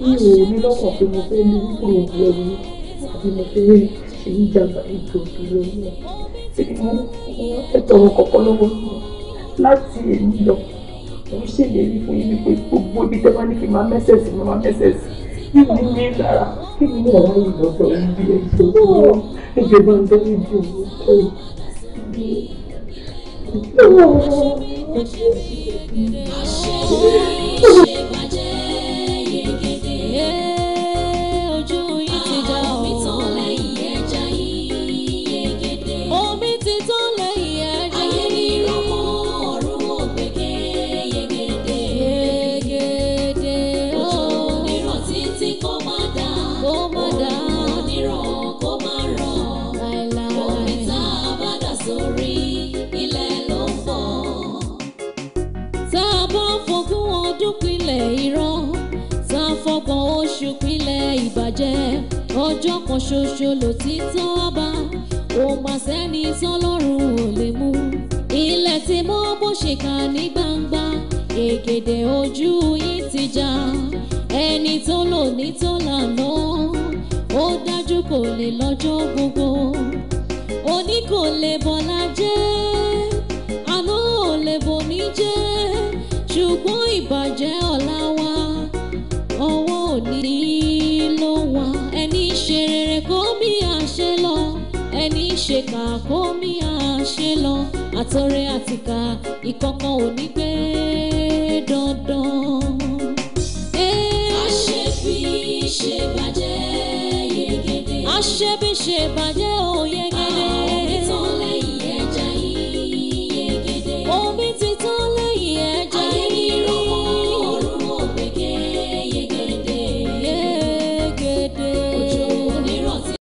ihò mi lọ́kàn pé mo fẹ́ ní kúrò lẹ́rú àbí mo fẹ́ ṣe ń jàmbá ìjọ tó lọ́wọ́ tí mo fẹ́ tọrọ kọ̀ọ̀kan lọ́wọ́ láti èmi lọ mo ṣèlérí fún yín wípé gbogbo ibi tẹ́ bá ní kí n máa mẹ́sẹ̀sì mo máa mẹ́sẹ̀sì yìí ní mi lára kí ni mo wà ní lọ́dọ̀ ibi ẹ̀jọ̀ tó lọ ẹ̀jẹ̀ bá ń bẹ́ níbi òwò ẹ̀yìn. Oh, ọ̀kan ṣoṣo lòtítọ́ ọba ó mà sẹ́ni tọ́lọ́run ò lè mú ilẹ̀ tí mọ́ bó ṣe kà ní gbangba ègèdè ojú yìí ti jà ẹni tó lò ní tó lànà ó dájú kò lè lọ́jọ́ gbogbo òní kò lè bọ́lá jẹ́ àná ò lè bòní jẹ́ ṣùgbọ́n ìbàjẹ́ ọ̀la wa. àṣekà kó mi àṣe lọ àtọrẹ àtìkà ìkọ̀kan ò ní gbé dandan. àṣebí ṣe bàjẹ́ yegede. àṣebí ṣe bàjẹ́ ò yegede. àwọn.